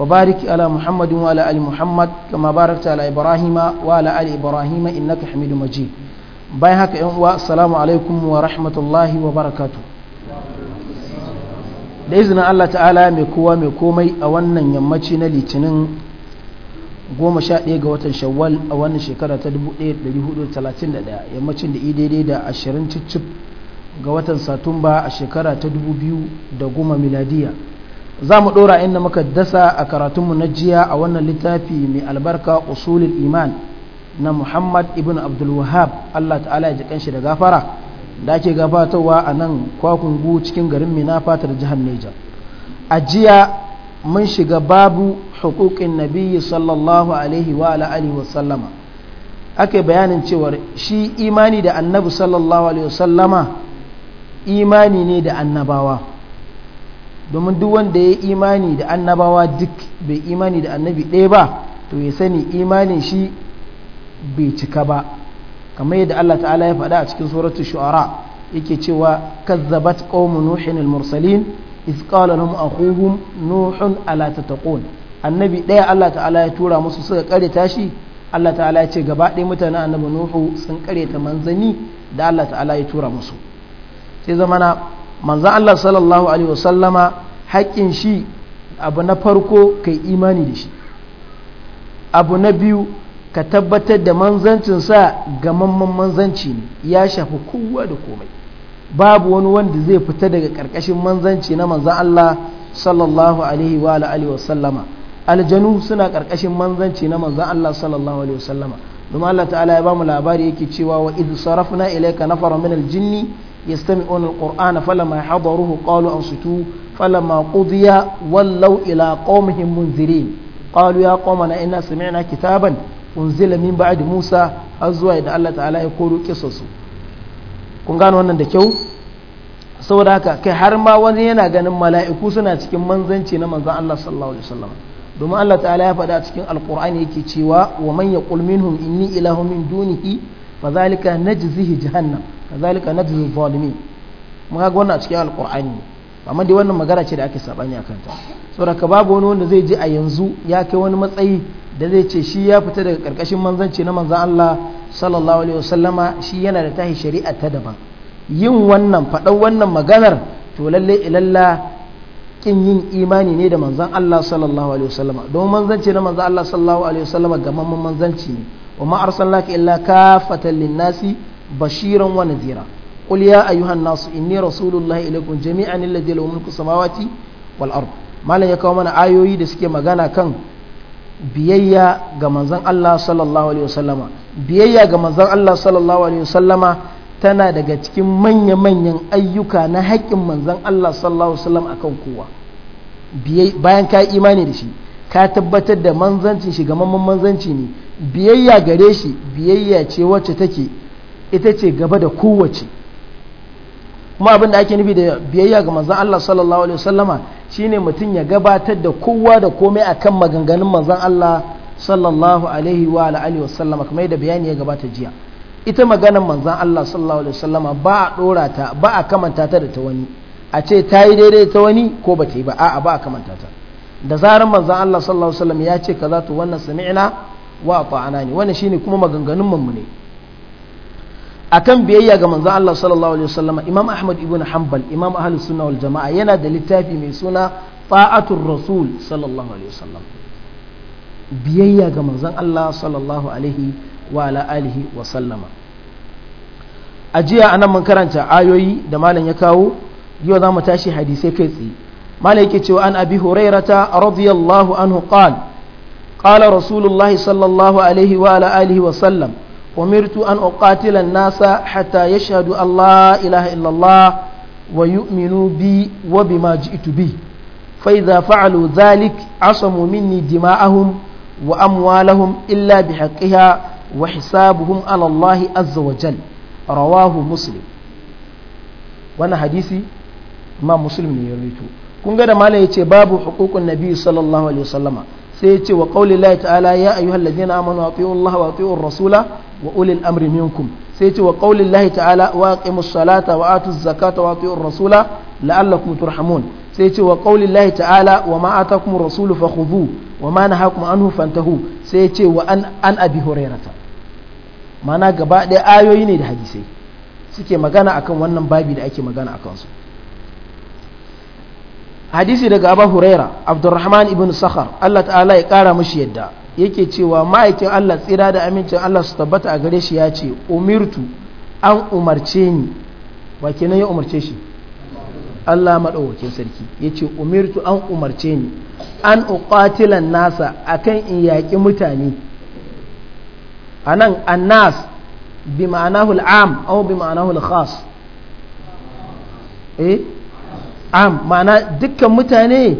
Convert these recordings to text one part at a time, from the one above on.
وبارك على محمد وعلى ال محمد كما باركت على ابراهيم وعلى ال ابراهيم انك حميد مجيد باي هكا بايهاك السلام عليكم ورحمه الله وبركاته باذن الله تعالى مي mai مي mai ا wannan yammaci na litinin 11 ga watan shawwal a wannan shekara ta 1431 yammacin da daidai da 20 cicip ga watan satumba a shekara ta 2010 miladiyya za mu ɗora inda muka dasa a karatunmu na jiya a wannan littafi mai albarka usulul iman na muhammad ibn abdulwahab allah ta'ala ya ji kanshi da gafara da ake gabatarwa a nan kwakungu cikin garin mina fatar jihar neja a jiya mun shiga babu hukukin nabiyyi sallallahu alaihi wa alihi wa sallama ake bayanin cewar shi imani da annabi sallallahu alaihi wa sallama imani ne da annabawa domin duk wanda ya yi imani da annabawa duk bai imani da annabi ɗaya ba to ya sani imanin shi bai cika ba kamar yadda Allah ta'ala ya faɗa a cikin suratul shu'ara yake cewa kazzabat qaumu nuhin al-mursalin iz qala lahum akhuhum nuhun ala tattaqun annabi ɗaya Allah ta'ala ya tura musu suka kare tashi Allah ta'ala ya ce gaba ɗaya mutanen annabi nuhu sun kare ta manzani da Allah ta'ala ya tura musu sai zamana manzan Allah sallallahu alaihi wasallama haƙƙin shi abu na farko kai imani da shi abu na biyu ka tabbatar da manzancinsa gamamman manzanci ne ya shafi kowa da komai babu wani wanda zai fita daga ƙarƙashin manzanci na manzan Allah sallallahu alaihi wa alihi wa sallama aljanu suna ƙarƙashin manzanci na manzan Allah sallallahu alaihi wa sallama domin Allah ta'ala ya ba mu labari yake cewa wa idh sarafna ilayka nafaran min aljinni يستمعون القرآن فلما حضروه قالوا أنصتوا فلما قضي ولوا إلى قومهم منذرين قالوا يا قومنا إنا سمعنا كتابا أنزل من بعد موسى أزوى إذا الله تعالى يقول قصصه kun gano wannan da kyau saboda haka kai har ma wani yana ganin mala'iku suna cikin manzanci na manza Allah sallallahu alaihi wasallam domin Allah ta'ala ya faɗa cikin alqur'ani yake cewa wa man yaqul minhum inni ilahu min dunihi fa zalika najzihi jahannam kazalika najzul zalimin mun ga wannan a cikin alqur'ani amma dai wannan magana ce da ake sabani a kanta saboda ka babu wani wanda zai ji a yanzu ya kai wani matsayi da zai ce shi ya fita daga karkashin manzanci na manzan Allah sallallahu alaihi wasallama shi yana da tahi shari'a ta daban yin wannan faɗan wannan maganar to lalle ilalla kin yin imani ne da manzan Allah sallallahu alaihi wasallama don manzanci na manzan Allah sallallahu alaihi wasallama gamamman manzanci ne wa ma arsalnaka illa kafatan linnasi bashiran wa nadhira qul ya ayyuhan nasu inni rasulullahi ilaikum jami'an alladhi lahu mulku samawati wal ard malam ya kawo mana ayoyi da suke magana kan biyayya ga manzon Allah sallallahu biyayya ga manzon Allah sallallahu tana daga cikin manya-manyan ayyuka na haƙƙin manzon Allah sallallahu alaihi wasallam akan kowa bayan ka imani da shi ka tabbatar da manzancin shi gamamman manzanci ne biyayya gare shi biyayya ce wacce take ita ce gaba da kowace kuma abin da ake nufi da biyayya ga manzan Allah sallallahu alaihi wasallama shine mutum ya gabatar da kowa da komai akan maganganun manzan Allah sallallahu alaihi wa Alaihi wasallama kamar yadda bayani ya gabata jiya ita maganan manzan Allah sallallahu alaihi wasallama ba a dora ta ba a kamanta ta da ta wani a ce ta yi daidai ta wani ko ba ta yi ba a'a ba a kamanta ta da zarar manzan Allah sallallahu alaihi wasallam ya ce kaza to wannan sami'ina wa ata'ana ne wannan shine kuma maganganun mu ne akan biyayya ga manzon Allah sallallahu alaihi wasallam Imam Ahmad ibn Hanbal Imam Ahlus Sunna wal Jama'a yana da littafi mai suna Ta'atul Rasul sallallahu alaihi wasallam biyayya ga manzon Allah sallallahu alaihi wa ala alihi wa sallama a jiya anan mun karanta ayoyi da malam ya kawo yau zamu tashi hadisai kai tsaye malam yake cewa an abi hurairata radiyallahu anhu qala qala rasulullahi sallallahu alaihi wa ala alihi wa sallam أمرت أن أقاتل الناس حتى يشهدوا أن لا إله إلا الله ويؤمنوا بي وبما جئت به فإذا فعلوا ذلك عصموا مني دماءهم وأموالهم إلا بحقها وحسابهم على الله عز وجل رواه مسلم وانا حديثي ما مسلم يرويته kun ga da باب حقوق النبي صلى الله عليه وسلم sai ya ce wa qauli lahi ta'ala ya ayyuhal ladzina amanu atiu Allah wa atiu rasula wa ulil amri minkum sai ya ce wa qauli lahi ta'ala wa aqimus salata wa atuz zakata wa atiu rasula la'allakum turhamun sai ya ce wa qauli lahi ta'ala wa ma atakum rasulu fakhudhu wa ma nahakum anhu fantahu sai ya ce wa an an abi hurairata mana gaba ɗaya ayoyi ne da hadisai suke magana akan wannan babi da ake magana akan su hadisi daga abu huraira abdurrahman ibn sakhar allah ta'ala ya kara mashi yadda yake cewa ma'aikin allah tsira da amincin allah su tabbata a gare shi ya ce umirtu an umarce ni ba kenan ya umarce shi allah maɗaukakin sarki ya ce umirtu an umarce ni an uƙatilan nasa akan in yaƙi mutane a nan annas bi ma'anahul am au bi ma'anahul khas eh am ma'ana dukkan mutane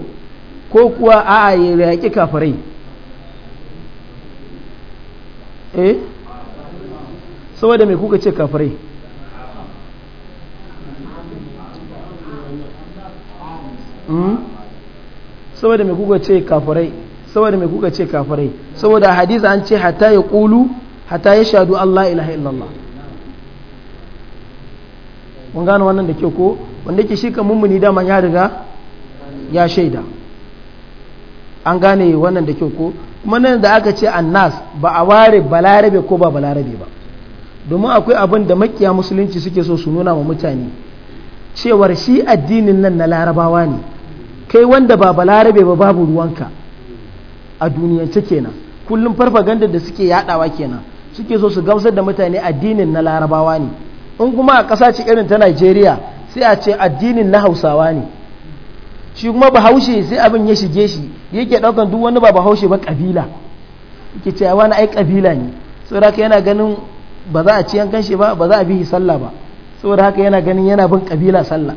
ko kuwa a yi raƙi kafirai eh saboda mai hmm? kuka ce kafirai saboda mai kuka ce kafirai saboda mai kuka ce kafirai saboda hadisa an ce hatta ya ƙulu hatta ya shaɗu Allah ilaha illallah mun gano wannan da ke ko wanda yake shi kan mummuni dama ya riga ya shaida an gane wannan da kyau ko kuma nan da aka ce annas ba a ware balarabe ko ba balarabe ba domin akwai abin da makiya musulunci suke so su nuna wa mutane cewar shi addinin nan na larabawa ne kai wanda ba balarabe ba babu ruwanka a duniyance kenan kullum farfaganda da suke yadawa kenan suke so su gamsar da mutane addinin na larabawa ne in kuma a ƙasa ce irin ta najeriya sai a ce addinin na hausawa ne shi kuma bahaushe sai abin ya shige shi yake daukan duk wani ba bahaushe ba kabila yake ce wani ai kabila ne saboda haka yana ganin ba za a ci yankan shi ba ba za a bihi sallah ba saboda haka yana ganin yana bin kabila sallah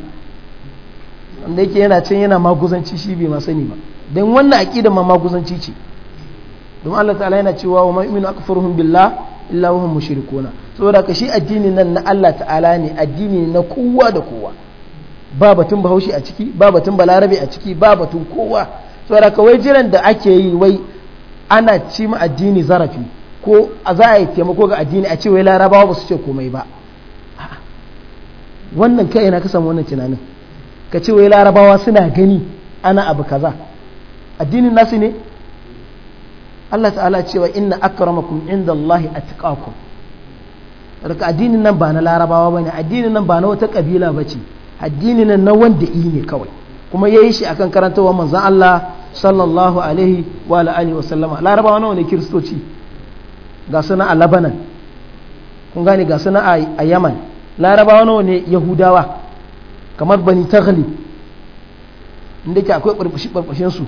wanda yake yana can yana maguzanci shi bai ma sani ba don wannan aƙidar ma maguzanci ce don Allah ta'ala yana cewa wa ma'aminu akfaruhum billah illa wahum mushrikuna saboda ka shi addini nan na Allah ta'ala ne addini na kowa da kowa ba batun bahaushe a ciki ba batun balarabe a ciki ba batun kowa saboda ka wai jiran da ake yi wai ana ci ma addini zarafi ko a za a yi taimako ga addini a ce wai larabawa ba su ce komai ba wannan kai na ka samu wannan tunanin ka ce wai larabawa suna gani ana abu kaza addinin nasu ne Allah ta'ala cewa inna akramakum inda Allah a atqakum daga addinin nan ba na larabawa ne addinin nan ba na wata kabila bace addinin nan na wanda yi ne kawai kuma ya yi shi a akan karantawa manzan Allah sallallahu alaihi wa alihi wa sallama larabawa nawa ne kiristoci ga suna a labanan kun gane ga suna a Yaman larabawa nawa ne yahudawa kamar bani taghlib inda ke akwai barbashin su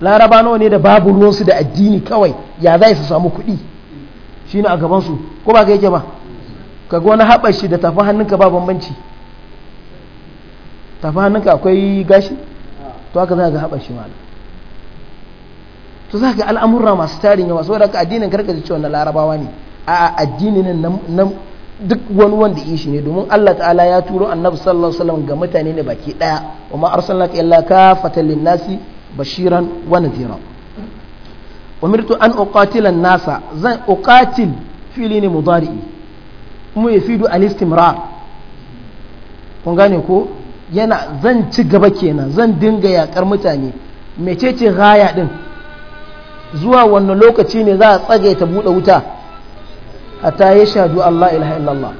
laraba nawa ne da babu ruwansu da addini kawai ya za su samu kuɗi shi ne a gabansu ko ba ka yake ba ka gona haɓar shi da tafi hannunka ba bambanci tafi hannunka akwai gashi to haka za ga haɓar shi malam to za ga al'amurra masu tarin yawa saboda ka addinin karka ji cewa na larabawa ne a addini na duk wani wanda yi shi ne domin Allah ta'ala ya turo annabi sallallahu alaihi wasallam ga mutane ne baki daya wa ma arsalnaka illa kafatan lin-nasi bashiran wa nadhira umirtu an uqatila nasa zan uqatil fili ne mudari'i kuma yafidu al-istimrar ko yana zan ci gaba kenan zan dinga yakar mutane mecece gaya din zuwa wannan lokaci ne za a ta buɗe wuta hatta ya shadu Allah ilaha illallah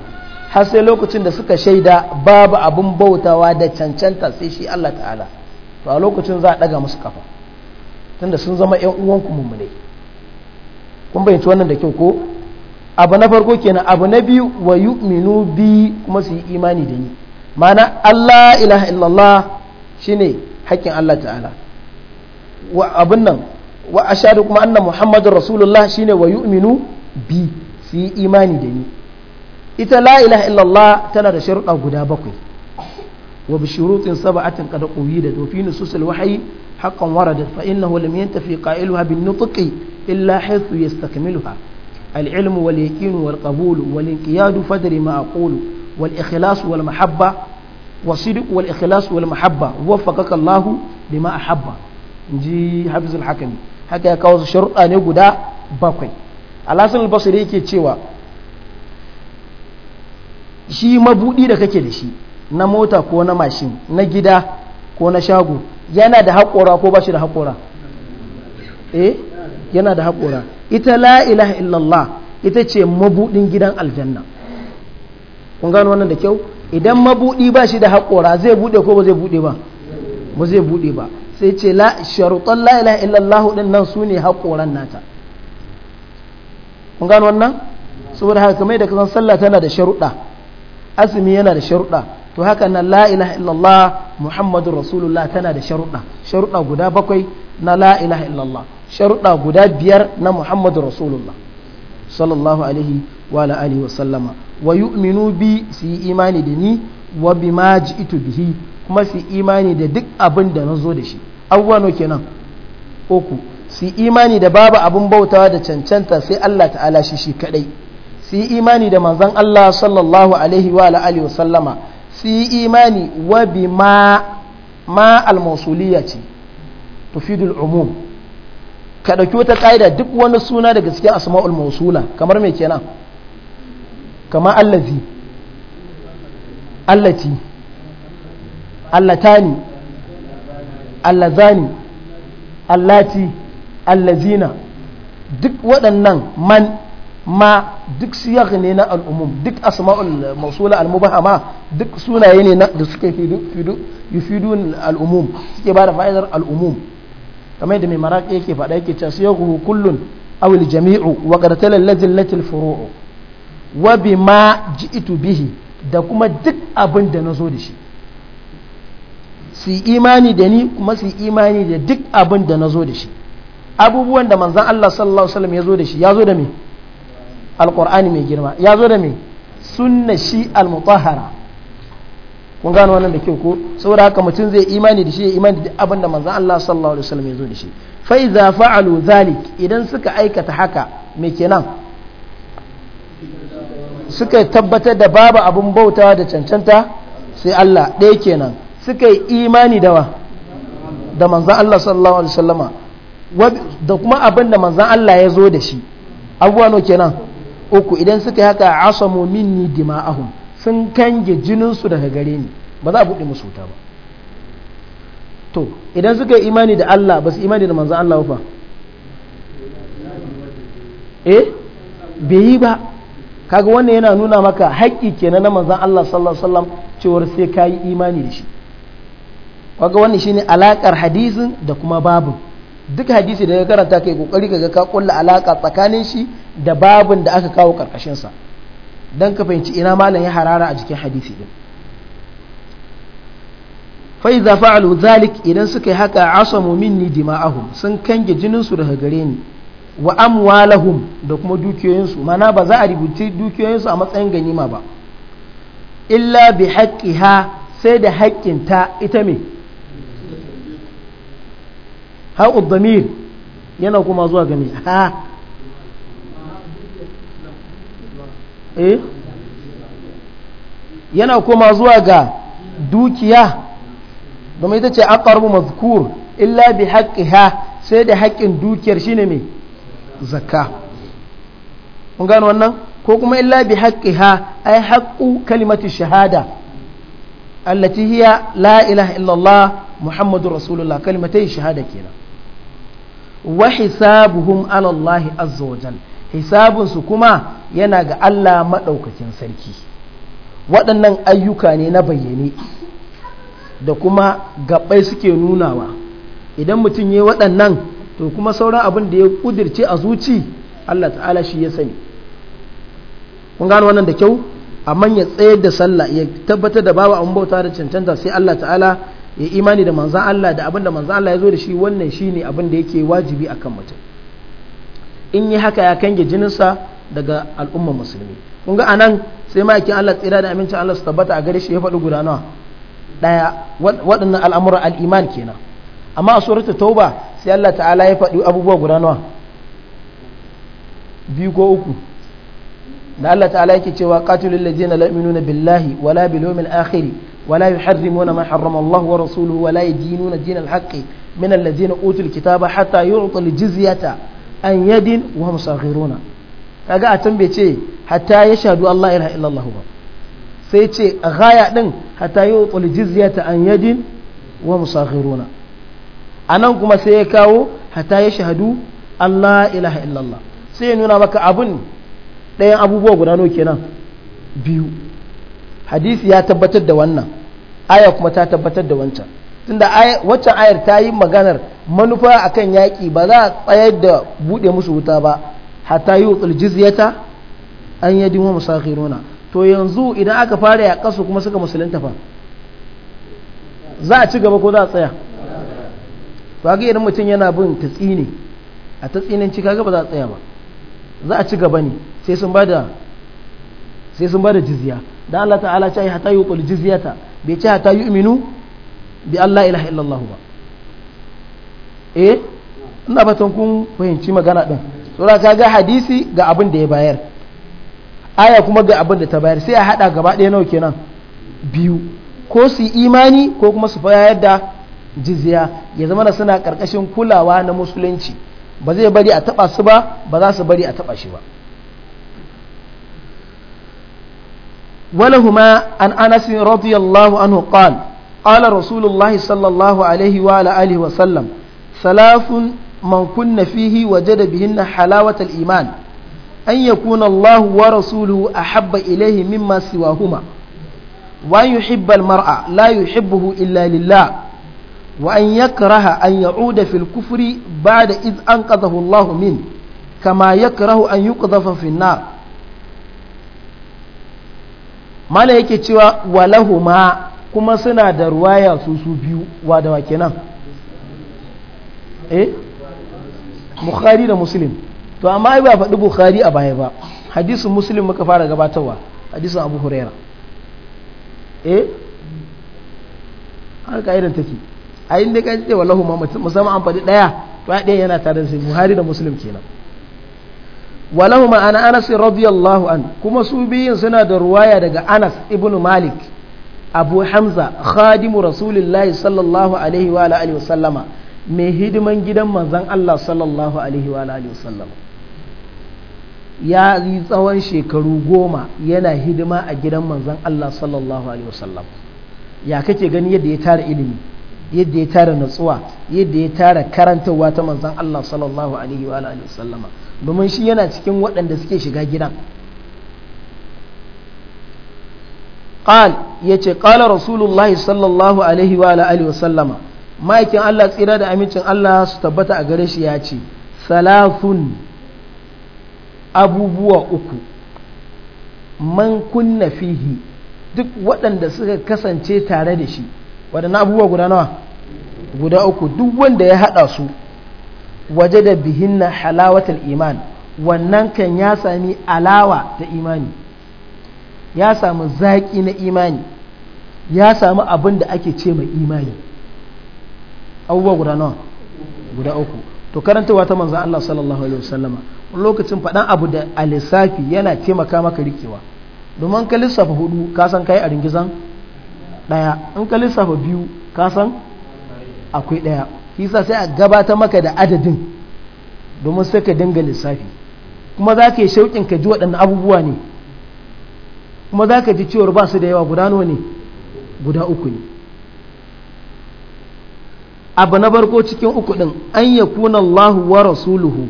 har sai lokacin da suka shaida babu abun bautawa da cancanta sai shi Allah ta'ala to a lokacin za a daga musu kafa tunda sun zama yan uwanku mummune kun bayyance wannan da kyau ko abu na farko kenan abu na biyu wa yu'minu bi kuma su yi imani da ni mana Allah ilaha illallah shine hakkin Allah ta'ala wa abun nan wa ashadu kuma annan muhammadun rasulullah shine wa yu'minu bi su yi imani da ni ita la ilaha illallah tana da sharuɗa guda bakwai وبشروط سبعة قد قيدت وفي نصوص الوحي حقا وردت فإنه لم ينتفي قائلها بالنطق إلا حيث يستكملها العلم واليقين والقبول والانقياد فدر ما أقول والإخلاص والمحبة والصدق والإخلاص والمحبة وفقك الله لما أحب نجي حفظ الحكم haka ya kawo su sharuɗa ne guda bakwai alhassan albasari yake cewa shi mabuɗi da kake da shi na mota ko na mashin na gida ko na shago yana da haƙora ko ba shi da haƙora eh yana da haƙora ita la ilaha illallah ita ce mabuɗin gidan aljanna kun gano wannan da kyau idan mabuɗi ba shi da haƙora zai buɗe ko ba zai buɗe ba ba zai buɗe ba sai ce la sharuɗan la ilaha illallah ɗin nan su ne haƙoran nata kun gano wannan saboda haka kamar da kasan sallah tana da sharuɗa azumi yana da sharuɗa to haka nan la ilaha illallah muhammadur rasulullah tana da sharuɗa sharuɗa guda bakwai na la ilaha illallah sharuɗa guda biyar na muhammadur rasulullah sallallahu alaihi wa alihi wa sallama wa yu'minu bi su yi imani da ni wa bima ji'tu bihi kuma su yi imani da duk abin da na zo da shi awwano kenan uku su yi imani da babu abin bautawa da cancanta sai Allah ta'ala shi shi kadai su yi imani da manzon Allah sallallahu alaihi wa alihi wa sallama si imani wa bi ma ma al-mausuliyya ce tufidul umum ka ɗauki wata kaida duk wani suna daga cikin asma'ul mausula kamar mai kenan kamar allazi allati allatani allazani allati allazina duk waɗannan man ma duk siyar ne na al'umum duk asma'ul masula al-mubahama duk sunaye ne da suke yufidun al'umum suke ba da fa'idar al'umum kamar yadda mai maraƙi yake faɗa yake cewa siyahu kullun aw al-jami'u wa qartal allati al-furu'u wa bima ji'tu bihi da kuma duk abin da nazo da su imani da ni kuma su imani da duk abubuwan da Allah alaihi ya zo ya zo da alqur'ani mai girma ya zo da mai sunna shi almutahhara kun gano wannan da kyau ko saboda haka mutum zai imani da shi ya imani da abin da manzon Allah sallallahu alaihi wasallam ya zo da shi fa idza fa'alu zalik idan suka aikata haka me kenan suka tabbatar da babu abin bautawa da cancanta sai Allah ɗaya kenan suka yi imani da wa da manzon Allah sallallahu alaihi wasallama da kuma abin da manzon Allah ya zo da shi abubuwa no kenan uku idan suka yi haka asamu minni dima'ahum sun kange jininsu daga gare ni ba za a buɗe musu wuta ba to idan suka yi imani da Allah ba su imani da manzan Allah ba eh bai yi ba kaga wannan yana nuna maka haƙƙi kenan na manzan Allah sallallahu alaihi wasallam cewar sai ka yi imani da shi kaga wannan shine alakar hadisin da kuma babin duk hadisi da ya karanta kai kokari kaga ka kulla alaka tsakanin shi da babin da aka kawo karkashin sa dan ka fahimci ina malam ya harara a cikin hadisi din fa idza fa'alu zalik idan suka yi haka asamu minni dima'ahum sun kange jinin su daga gare ni wa amwalahum da kuma dukiyoyin su mana ba za a rubuce dukiyoyin su a matsayin ganima ba illa bi haqqiha sai da haƙƙinta ita me ha'u damir yana kuma zuwa gani ha eh? yana kuma zuwa ga dukiya domin ita ce aqrabu mazkur illa bi haqqiha sai da hakkin dukiyar shine mai zaka. mun gano wannan ko kuma illa bi ha ai haqqu kalimatu shahada allati hiya la ilaha illallah muhammadur rasulullah kalimatai shahada kenan wa hisabuhum ala Allah azza wa jal hisabunsu kuma yana ga Allah madaukakin sarki waɗannan ayyuka ne na bayyane da kuma gaɓai suke nunawa idan mutum ya waɗannan to kuma sauran abin da ya kudirce a zuci Allah ta'ala shi ya sani kun gano wannan da kyau amma ya tsayar da sallah ya tabbatar da babu abin bauta da cancanta sai Allah ta'ala ya imani da manzan Allah da abin da manzan Allah ya zo da shi wannan shi ne abin da yake wajibi a kan mutum in yi haka ya kange jininsa daga al'ummar musulmi kun ga nan sai ma'aikin Allah tsira da amincin Allah su tabbata a gare shi ya faɗi guda nawa ɗaya waɗannan al'amuran al'iman kenan amma a suratul tauba sai Allah ta'ala ya faɗi abubuwa guda nawa biyu ko uku da Allah ta'ala yake cewa qatilul ladzina la yu'minuna billahi wala bil yawmil ولا يحرمون ما حرم الله ورسوله ولا يدينون دين الحق من الذين اوتوا الكتاب حتى يعطوا الجزيه أن يد وهم صاغرون kaga a can bai ce hatta ya shahadu Allah ilaha illallah ba sai ce a gaya din hatta yi utul jizyata an yadin wa musakhiruna anan kuma sai ya kawo hatta ya shahadu Allah ilaha illallah sai ya nuna maka abun ɗayan abubuwa guda nawa kenan biyu hadisi ya tabbatar da wannan aya kuma ta tabbatar da wancan tunda waccan ayar ta yi maganar manufa akan yaƙi ba za a tsayar da buɗe musu wuta ba hatta yi wa jizyata an yi dimo musakhiruna to yanzu idan aka fara ya kasu kuma suka musulunta fa za a ci gaba ko za a tsaya ba ga idan mutum yana bin tatsini a ci kaga ba za a tsaya ba za a ci gaba ne sai sun ba da sai sun ba da jizya dan Allah ta'ala ta yi hatta yi wa jizyata bai ci ta yu'minu bi Allah ilaha illallah ba eh ina fatan kun fahimci magana din saboda ga hadisi ga abin da ya bayar aya kuma ga abin da ta bayar sai a hada gaba ɗaya nawa kenan biyu ko su imani ko kuma su bayar da jizya ya zama na suna karkashin kulawa na musulunci ba zai bari a taba su ba ba za su bari a taba shi ba ولهما عن أنس رضي الله عنه قال قال رسول الله صلى الله عليه وعلى آله وسلم ثلاث من كن فيه وجد بهن حلاوة الإيمان أن يكون الله ورسوله أحب إليه مما سواهما وأن يحب المرأة لا يحبه إلا لله وأن يكره أن يعود في الكفر بعد إذ أنقذه الله منه كما يكره أن يقذف في النار mana yake cewa walahu ma kuma suna da ruwaya su su biyu wa da wa kenan eh bukhari da muslim to amma ai ba faɗi bukhari a baya ba hadisin muslim muka fara gabatarwa hadisin abu huraira eh har ka'idan take a inda kan ce ma musamman an faɗi ɗaya to ɗaya yana tare da buhari da muslim kenan walahu ma'ana anas radiyallahu an kuma su biyun suna da ruwaya daga anas ibn malik abu hamza khadimu rasulillahi sallallahu alaihi wa alihi wa sallama mai hidiman gidan manzan Allah sallallahu alaihi wa alihi wa sallama ya yi tsawon shekaru goma yana hidima a gidan manzan Allah sallallahu alaihi wa sallam ya kace gani yadda ya tara ilimi yadda ya tara natsuwa yadda ya tara karantarwa ta manzan Allah sallallahu alaihi wa alihi wa sallama domin shi yana cikin waɗanda suke shiga gidan قال ya ce رسول الله صلى الله عليه وعلى اله وسلم ما يكن tsira da amincin Allah su tabbata a gare shi ya ce salafun abubuwa uku man kunna fihi duk waɗanda suka kasance tare da shi waɗannan abubuwa guda nawa guda uku duk wanda ya haɗa su waje da bihinna halawatul iman wannan kan ya sami alawa ta imani ya samu zaƙi na imani ya samu abin da ake ce mai imani abubuwa guda nawa guda uku to karantawa ta manzan Allah sallallahu alaihi wasallama lokacin faɗan abu da a lissafi yana taimaka maka rikewa domin ka lissafa hudu ka san kai a ringizan ɗaya in ka lissafa biyu ka san akwai ɗaya Fisa sai a gabata maka da adadin domin sai ka dinga lissafi kuma za ka yi shauƙin ka ji waɗannan abubuwa ne kuma za ka ji cewar ba su da yawa guda nawa ne guda uku ne abu na barko cikin uku ɗin an ya kuna Allahu wa rasuluhu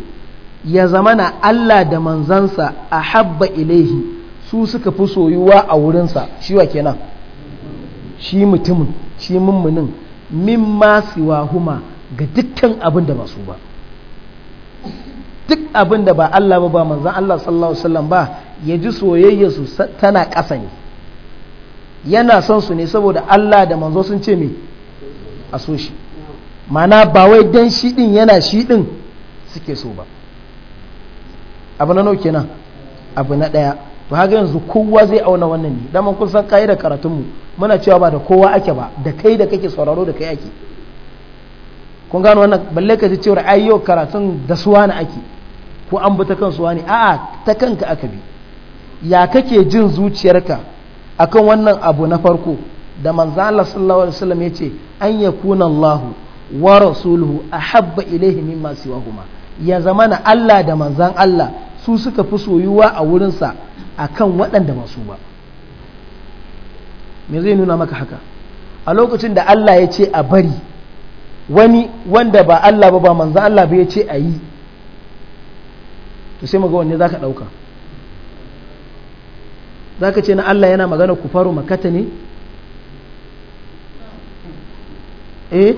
ya zama na Allah da manzansa a habba ilaihi su suka fi soyuwa a wurinsa shi wa kenan shi mutumin shi mummunin min siwa huma ga dukkan abin da ba su ba duk abin da ba Allah ba ba manzan Allah sallallahu alaihi wasallam ba ya ji soyayya su tana ƙasa ne yana son su ne saboda Allah da manzo sun ce me a so shi mana ba wai dan shi din yana shi din suke so ba abu na nauke nan abu na ɗaya to haka yanzu kowa zai auna wannan ne daman kun san da karatunmu muna cewa ba da kowa ake ba da kai da kake sauraro da kai ake kun gano wannan balle ka ji cewar ayyo karatun da suwa na ake ko an bi ta kan suwa ne a'a ta kanka aka bi ya kake jin zuciyarka akan wannan abu na farko da manzo Allah sallallahu alaihi wasallam yace an yakuna Allah wa rasuluhu ahabba ilaihi mimma siwahuma ya zamana Allah da manzan Allah su suka fi soyuwa a wurinsa akan waɗanda ba su ba me zai nuna maka haka a lokacin da Allah ya ce a bari wani wanda ba Allah ba ba manzan Allah ba ya ce a yi to sai mu ga wanne za ka ɗauka za ka ce na Allah yana magana ku faru makata ne eh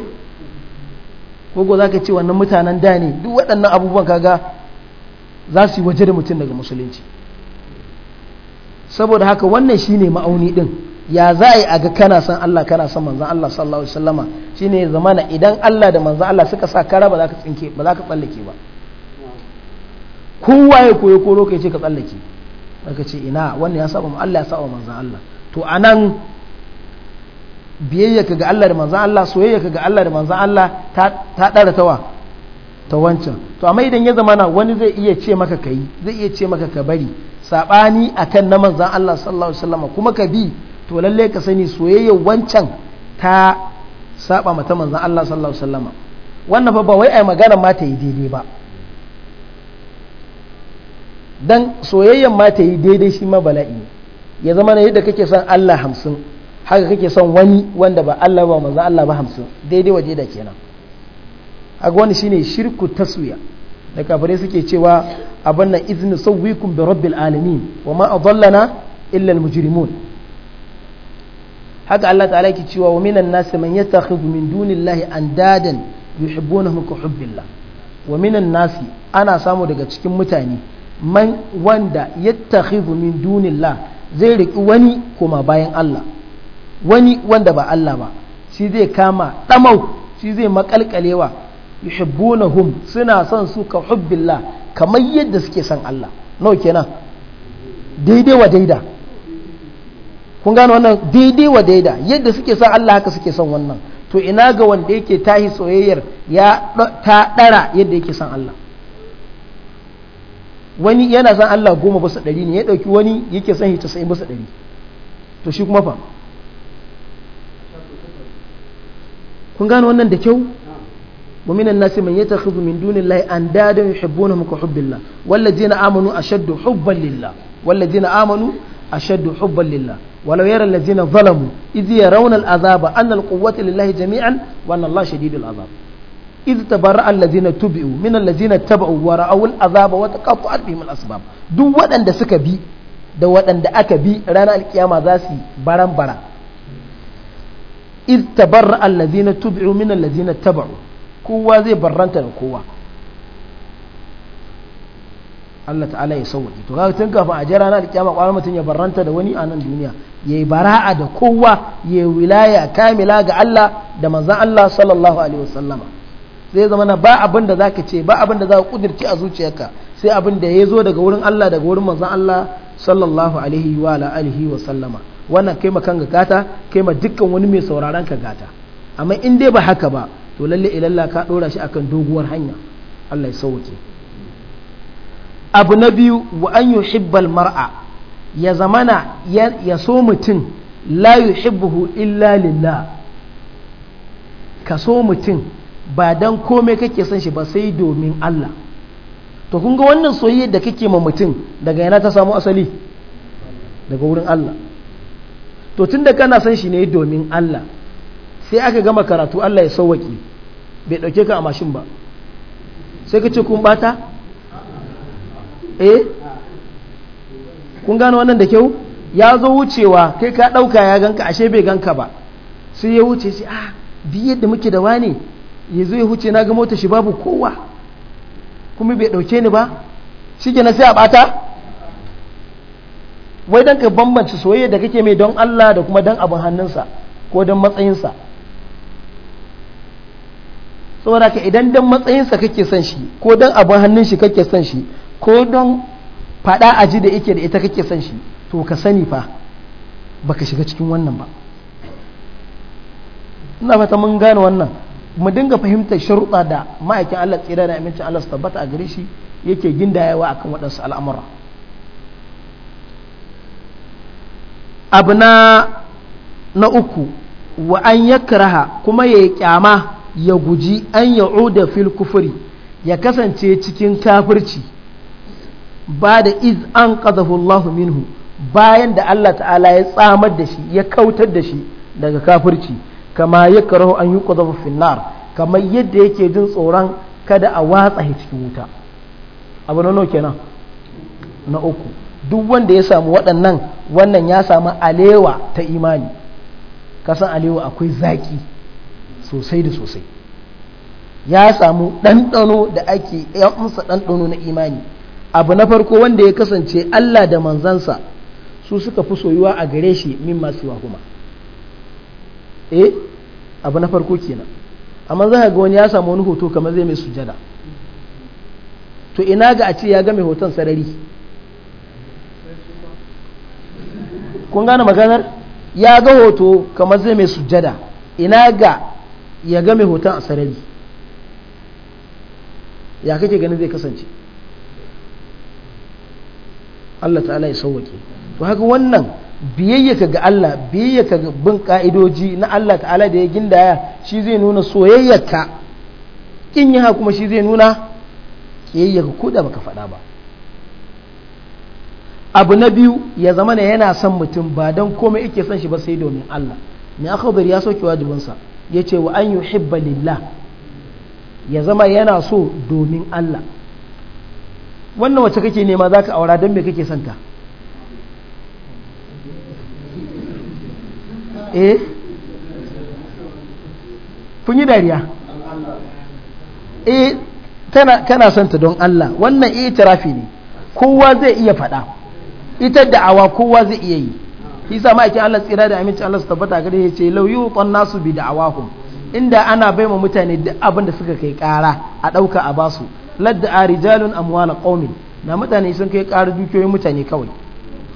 kogo za ka ce wannan mutanen da ne duk waɗannan abubuwan kaga za su yi waje da mutum daga musulunci saboda haka wannan shine ma'auni ɗin ya za a yi a ga kana san Allah kana san manzan Allah sallallahu alaihi wasallama shine zamana idan Allah da manzan Allah suka sa kara ba za ka tsinke ba za ka tsallake ba kowa ya koyo koro kai ce ka tsallake ka ce ina wannan ya saba Allah ya saba manzan Allah to anan biyayya ka ga Allah da manzan Allah soyayya ka ga Allah da manzan Allah ta ɗara tawa ta wancan to amma idan ya zamana wani zai iya ce maka ka yi zai iya ce maka ka bari saɓani akan na manzan Allah sallallahu alaihi wasallam kuma ka bi to lalle ka sani soyayya wancan ta saba mata manzan Allah sallallahu alaihi wasallama wannan fa ba wai ai magana ma ta yi daidai ba dan soyayyan ma ta yi daidai shi ma bala'i ya zama na yadda kake son Allah hamsin haka kake son wani wanda ba Allah ba manzan Allah ba hamsin daidai waje da kenan haka wani shine shirku taswiya da kafirai suke cewa abin nan izini sauwikun bi rabbil alamin wa ma adallana illa al mujrimun haka Allah ta'ala ke cewa wa minan nasi man yattakhidhu min dunillahi andadan yuhibbunahum ka hubbillah wa minan nasi ana samu daga cikin mutane man wanda yattakhidhu min dunillah zai riki wani kuma bayan Allah wani wanda ba Allah ba shi zai kama damau shi zai makalkalewa yuhibbunahum suna son su ka hubbillah kamar yadda suke son Allah nawa daidai wa kun gano wannan daidai wa daida yadda suke son Allah haka suke son wannan to ina ga wanda yake tahi soyayyar ya ta dara yadda yake son Allah wani yana son Allah goma bisa ɗari ne ya ɗauki wani yake son hita sa'in bisa ɗari to shi kuma fa kun gano wannan da kyau ومن الناس من يتخذ من دون الله اندادا يحبونهم كحب الله والذين امنوا اشد حبا لله والذين امنوا اشد حبا لله ولو يرى الذين ظلموا إذ يرون العذاب أن القوة لله جميعا وأن الله شديد العذاب إذ تبرأ الذين تبعوا من الذين اتبعوا ورأوا العذاب وتقطعت بهم الأسباب دو ودن da suka bi da waɗanda aka bi ranar alkiyama za su baran bara iz tabarra allazina tubi'u min allazina tabu kowa zai barranta da kowa Allah ta'ala ya sauwaƙe to kaga tun kafin a jira na da kiyama kwanan mutum ya barranta da wani a nan duniya ya yi bara'a da kowa ya yi wilaya kamila ga Allah da manzan Allah sallallahu alaihi wasallama zai zama na ba abin da zaka ce ba abin da zaka kudirce a zuciyarka sai abin da ya zo daga wurin Allah daga wurin manzan Allah sallallahu alaihi wa alihi wannan kai ma kanka gata kai ma dukkan wani mai sauraron ka gata amma in dai ba haka ba to lalle ilallah ka dora shi akan doguwar hanya Allah ya sauke abu na biyu wa an shibbal mar'a ya zamana ya so mutum la shibbuhu illa lillah ka so mutum ba don komai kake son shi ba sai domin Allah to kun ga wannan soyayya da kake ma mutum daga yana ta samu asali daga wurin Allah to tun da kana son shi ne domin Allah sai aka gama karatu Allah ya sauwaki bai ɗauke ka a mashin ba sai ka ce kun bata eh kun gano wannan da kyau ya zo wucewa kai ka ɗauka ya ganka ashe bai ganka ba sai ya wuce shi ah duk yadda muke da wani ya zo ya wuce na ga mota shi babu kowa kuma bai ɗauke ni ba shi na sai a ɓata wai don ka bambanci soyayya da kake mai don Allah da kuma don abin hannunsa ko don matsayinsa saboda ka idan don matsayinsa kake son shi ko dan abin hannun shi kake son shi ko don faɗa a ji da yake da ita kake son shi to ka sani fa baka shiga cikin wannan ba ina fata mun gane wannan mu dinga fahimtar sharuɗa da ma'aikin Allah tsira da amincin Allah su tabbata a gare shi yake gindayawa akan waɗansu al'amura abu na uku wa an ya kuma ya kyama ya guji an ya fil kufuri ya kasance cikin kafirci ba da iz an qadhahu minhu bayan da Allah ta'ala ya tsamar da shi ya kautar da shi daga kafirci kama ya karahu an yi qadhafu finnar kamar yadda yake jin tsoron kada a watsa shi cikin wuta abu na kenan na uku duk wanda ya samu waɗannan wannan ya samu alewa ta imani kasan alewa akwai zaki sosai da sosai ya samu ɗanɗano da ake ya ɗanɗano na imani abu na farko wanda ya kasance Allah da manzansa su suka fi soyuwa a gare shi min masu wa kuma eh abu na farko kenan amma za ga wani ya samu wani hoto kamar zai mai sujada to ina ga a ce ya ga mai hoton sarari kun gane maganar ya ga hoto kamar zai mai sujada ina ga ya ga mai hoton a sarari ya kake ganin zai kasance Allah ta'ala ya sauwake to haka wannan biyayyaka ga Allah biyayyaka ga bin ka'idoji na Allah ta'ala da ya gindaya shi zai nuna soyayyarka in yi kuma shi zai nuna kiyayyaka ko da baka faɗa ba abu na biyu ya zama ne yana son mutum ba don komai yake son shi ba sai domin Allah mai akhbar ya soke wajibinsa ya ce wa an yuhibba lillah ya zama yana so domin Allah wannan wacce kake nema za ka aura don mai kake son ta eh kun yi dariya eh tana son ta don Allah wannan tarafi ne kowa zai iya faɗa ita da awa kowa zai iya yi isa ma'aikin Allah tsira da aminci Allah su tabbata gare ya ce lau yuqan nasu bi da'awahum inda ana bai ma mutane duk abin da suka kai kara a ɗauka a basu ladda rijalun amwala qaumin na mutane sun kai ƙara dukiyoyin mutane kawai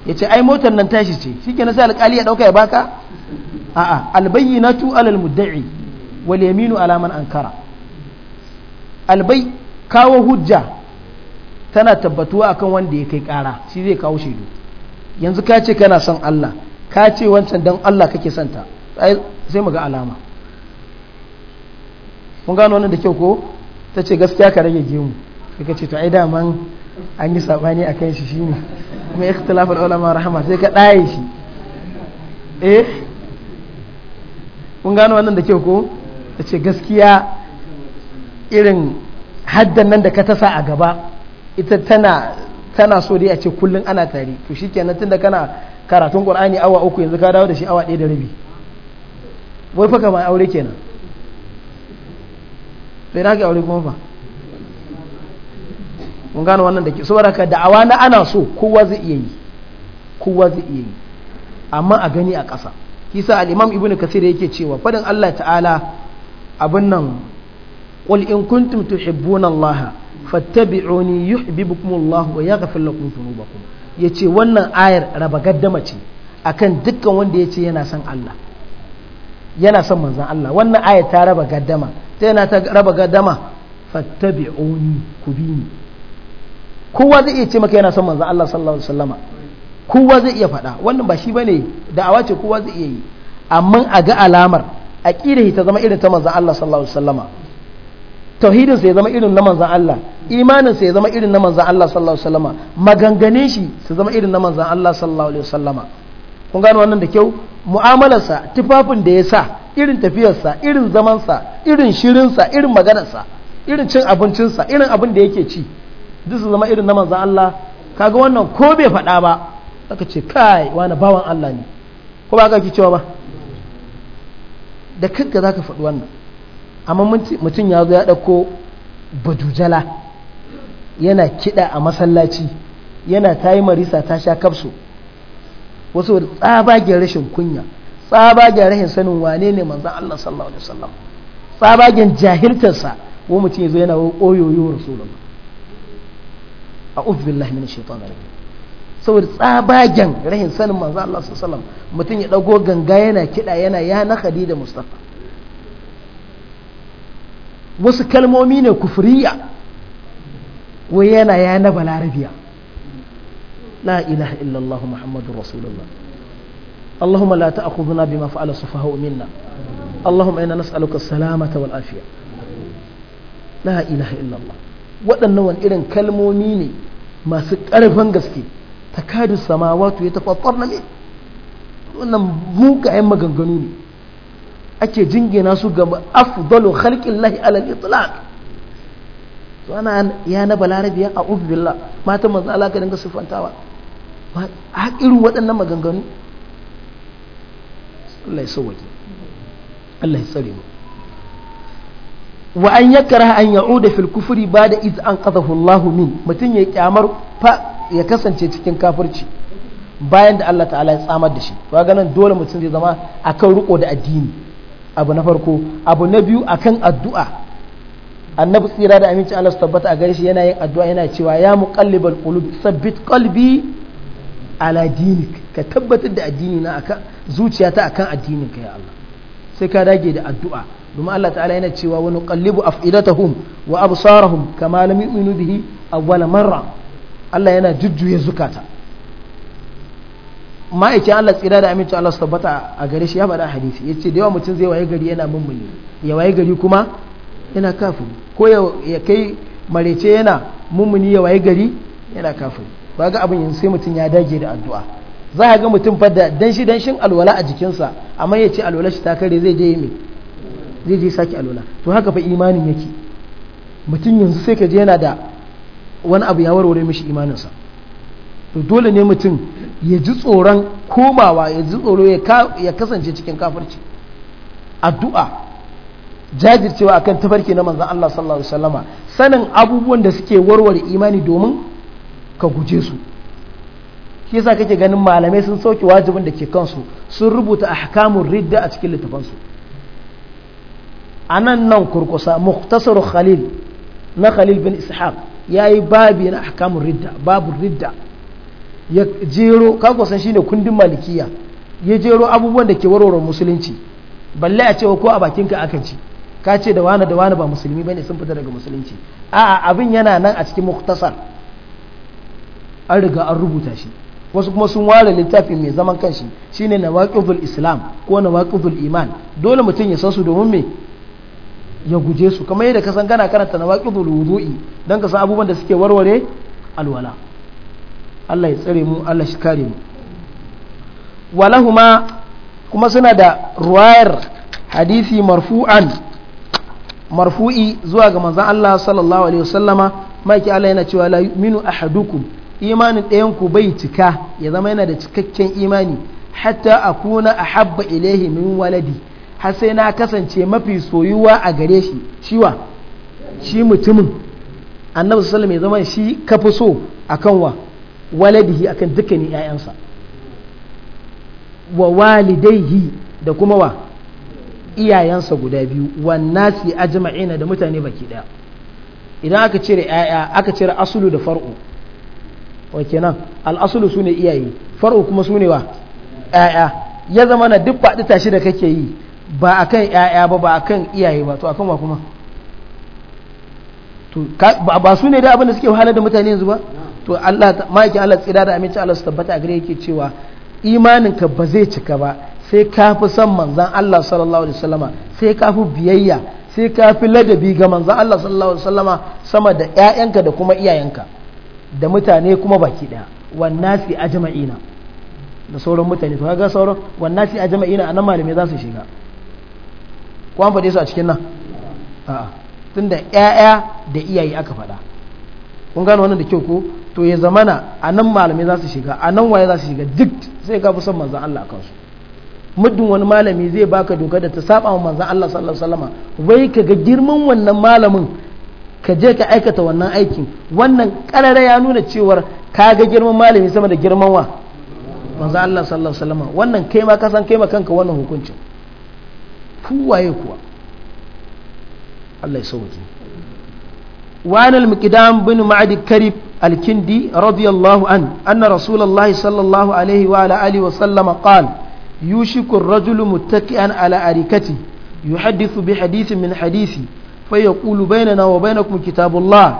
yace ai motar nan tashi ce shikenan sai alƙali ya ɗauka ya baka a'a albayyinatu alal mudda'i wal yaminu ala man ankara albay kawo hujja tana tabbatuwa akan wanda ya kai ƙara shi zai kawo shaidu yanzu ka ce kana son Allah ka ce wancan dan Allah kake son ta sai mu ga alama kun gano wannan da kyau ko ta ce gaskiya ka rage gemu sai ce to ai daman an yi sabani a kan shi shine kuma ikhtilafin ulama rahama sai ka ɗaye shi eh kun gano wannan da ke ko ta ce gaskiya irin haddan nan da ka tasa a gaba ita tana tana so dai a ce kullum ana tare to shikenan tunda kana karatun qur'ani awa uku yanzu ka dawo da shi awa ɗaya da rabi wai fa kamar aure kenan sai na ga aure kuma fa mun gano wannan da ke saboda ka da'awa na ana so kowa zai iya yi kowa zai iya yi amma a gani a ƙasa kisa al-imam ibn kasir yake cewa fadin Allah ta'ala abin nan qul in kuntum tuhibbuna Allah fattabi'uni yuhibbukum Allah wa yaghfir lakum dhunubakum yace wannan ayar raba gaddama ce akan dukkan wanda yace yana son Allah yana son manzan Allah wannan aya ta raba gaddama ta yana ta raba gaddama fattabi'uni ku bi ni kowa zai iya ce maka yana son manzan Allah sallallahu alaihi wasallama kowa zai iya faɗa wannan ba shi bane da'awa ce kowa zai iya yi amma a ga alamar a aqidahi ta zama irin ta manzan Allah sallallahu alaihi wasallama tauhidin sa ya zama irin na manzan Allah imanin sa ya zama irin na manzan Allah sallallahu alaihi wasallama maganganin shi su zama irin na manzan Allah sallallahu alaihi wasallama kun gano wannan da kyau mu'amalarsa tufafin da ya sa irin tafiyarsa irin zamansa irin shirinsa irin maganarsa irin cin abincinsa irin abin da yake ci duk su zama irin na manzan Allah kaga wannan ko bai faɗa ba aka ce kai wani bawan Allah ne ko ba ka ki cewa ba da kanka za ka faɗi wannan amma mutum ya zo ya ɗauko bajujala yana kiɗa a masallaci yana tayi marisa ta sha kafsu wasu da tsabagen rashin kunya tsabagen rashin sanin wane ne manzan Allah sallallahu alaihi wasallam tsabagen jahiltarsa wa mutum ya zo yana oyoyo rasulullah a ubillahi min shaitan rajim saboda tsabagen rashin sanin manzan Allah sallallahu alaihi wasallam mutum ya dago ganga yana kida yana ya na Khadija Mustafa wasu kalmomi ne kufriya ko yana ya na balarabiya لا إله إلا الله محمد رسول الله اللهم لا تأخذنا بما فعل السفهاء منا اللهم إنا نسألك السلامة والعافية لا إله إلا الله waɗannan irin kalmomi ne masu ƙarfin gaske ta kadu samawatu ya tafaffar na ne wannan mugayen maganganu ne ake jingina su ga afdalu khalqin lahi alal itlaq to ana ya na a ubillah mata manzo Allah ka dinga sifantawa a irin waɗannan maganganu Allah ya sauwaƙi Allah ya tsare mu wa an yakara an ya'uda fil kufri ba da iz an qadahu Allah min mutum ya kyamar fa ya kasance cikin kafirci bayan da Allah ta'ala ya tsamar da shi to ganin dole mutum zai zama akan riko da addini abu na farko abu na biyu akan addu'a annabi tsira da aminci Allah su tabbata a gare shi yana yin addu'a yana cewa ya muqallibal qulub sabbit qalbi ala dinik ka tabbatar da addini na zuciya zuciyata akan addinin ka ya Allah sai ka dage da addu'a domin Allah ta'ala yana cewa wani qallibu af'idatahum wa absarahum kama lam yu'minu bihi awwal marra Allah yana jujjuye zukata ma'aikin Allah tsira da amincin Allah su tabbata a gare shi ya faɗa hadisi ya ce da yawa mutum zai waye gari yana mummuni ya waye gari kuma yana kafin ko ya kai marece yana mummuni ya waye gari yana kafin ba ga abin yanzu sai mutum ya dage da addu'a za a ga mutum fadda danshi shin alwala a jikinsa amma ya ce alwala shi ta kare zai je mai zai je sake alwala to haka fa imanin yake mutum yanzu sai ka je yana da wani abu ya warware mishi imaninsa to dole ne mutum ya ji tsoron komawa ya ji tsoro ya kasance cikin kafirci addu'a jajircewa akan tafarki na manzon Allah sallallahu alaihi wasallama sanin abubuwan da suke warware imani domin ka guje su shi yasa kake ganin malamai sun sauke wajibin da ke kansu sun rubuta ahkamun ridda a cikin littafansu a nan nan kurkusa muktasar khalil na khalil bin ishaq ya yi babi na ahkamun ridda babu ridda ya jero kakwasan shine kundin malikiya ya jero abubuwan da ke warware musulunci balle a cewa ko a bakinka akan ci ka ce da wani da wani ba musulmi bane sun fita daga musulunci a'a abin yana nan a cikin muktasar an riga an rubuta shi wasu kuma sun ware littafi mai zaman kanshi shine na waqiful islam ko na waqiful iman dole mutum ya san su domin me ya guje su kamar yadda ka san gana karanta na waqiful wudu'i don ka san abubuwan da suke warware alwala Allah ya tsare mu Allah shi kare mu walahuma kuma suna da ruwayar hadisi marfu'an marfu'i zuwa ga manzon Allah sallallahu alaihi wasallama maki Allah yana cewa la yu'minu ahadukum imanin ɗayanku bai cika ya zama yana da cikakken imani hatta akuna ahabba ilaihi min waladi har sai na kasance mafi soyuwa a gare shi ciwa shi mutumin annabi sallallahu alaihi zama shi kafi so akan wa waladihi akan dukkanin ƴaƴansa wa walidaihi da kuma wa iyayensa guda biyu wannasi ajma'ina da mutane baki daya idan aka cire ƴaƴa aka cire asulu da far'u wa nan al'asulu su ne iyaye faru kuma su ne wa ‘ya'ya ya zama na duk faɗi tashi da kake yi ba a kan ‘ya'ya ba ba a kan iyaye ba to a kan wa kuma ba su ne da abin da suke wahalar da mutane yanzu ba to Allah ma'aikin Allah tsira da aminci Allah su tabbata a gare yake cewa imaninka ba zai cika ba sai ka fi son manzan Allah sallallahu alaihi wasallama sai ka fi biyayya sai ka fi ladabi ga manzan Allah sallallahu alaihi wasallama sama da ‘ya'yanka da kuma iyayenka da mutane kuma baki daya wan a jama'ina da sauran mutane to kaga sauran a jama'ina a nan malamai za su shiga ko an faɗe su a cikin nan a'a tunda ƴaƴa da iyaye aka faɗa kun gano wannan da kyau ko to ya zamana a nan malamai za su shiga a nan waye za su shiga duk sai ka fi son manzan Allah a kansu muddin wani malami zai baka doka da ta saba wa manzan Allah sallallahu alaihi wasallama wai ka ga girman wannan malamin ka je ka aikata wannan aikin wannan karara ya nuna cewar ka ga girman malami sama da girman wa manzo Allah sallallahu alaihi wasallam wannan kai ma ka san kai ma kanka wannan hukuncin kuwaye kuwa Allah ya sauke وعن المقدام بن معد كرب الكندي رضي الله عنه أن رسول الله صلى الله عليه وعلى آله وسلم قال يوشك الرجل متكئا على أريكته يحدث بحديث min حديثي فيقول بيننا وبينكم كتاب الله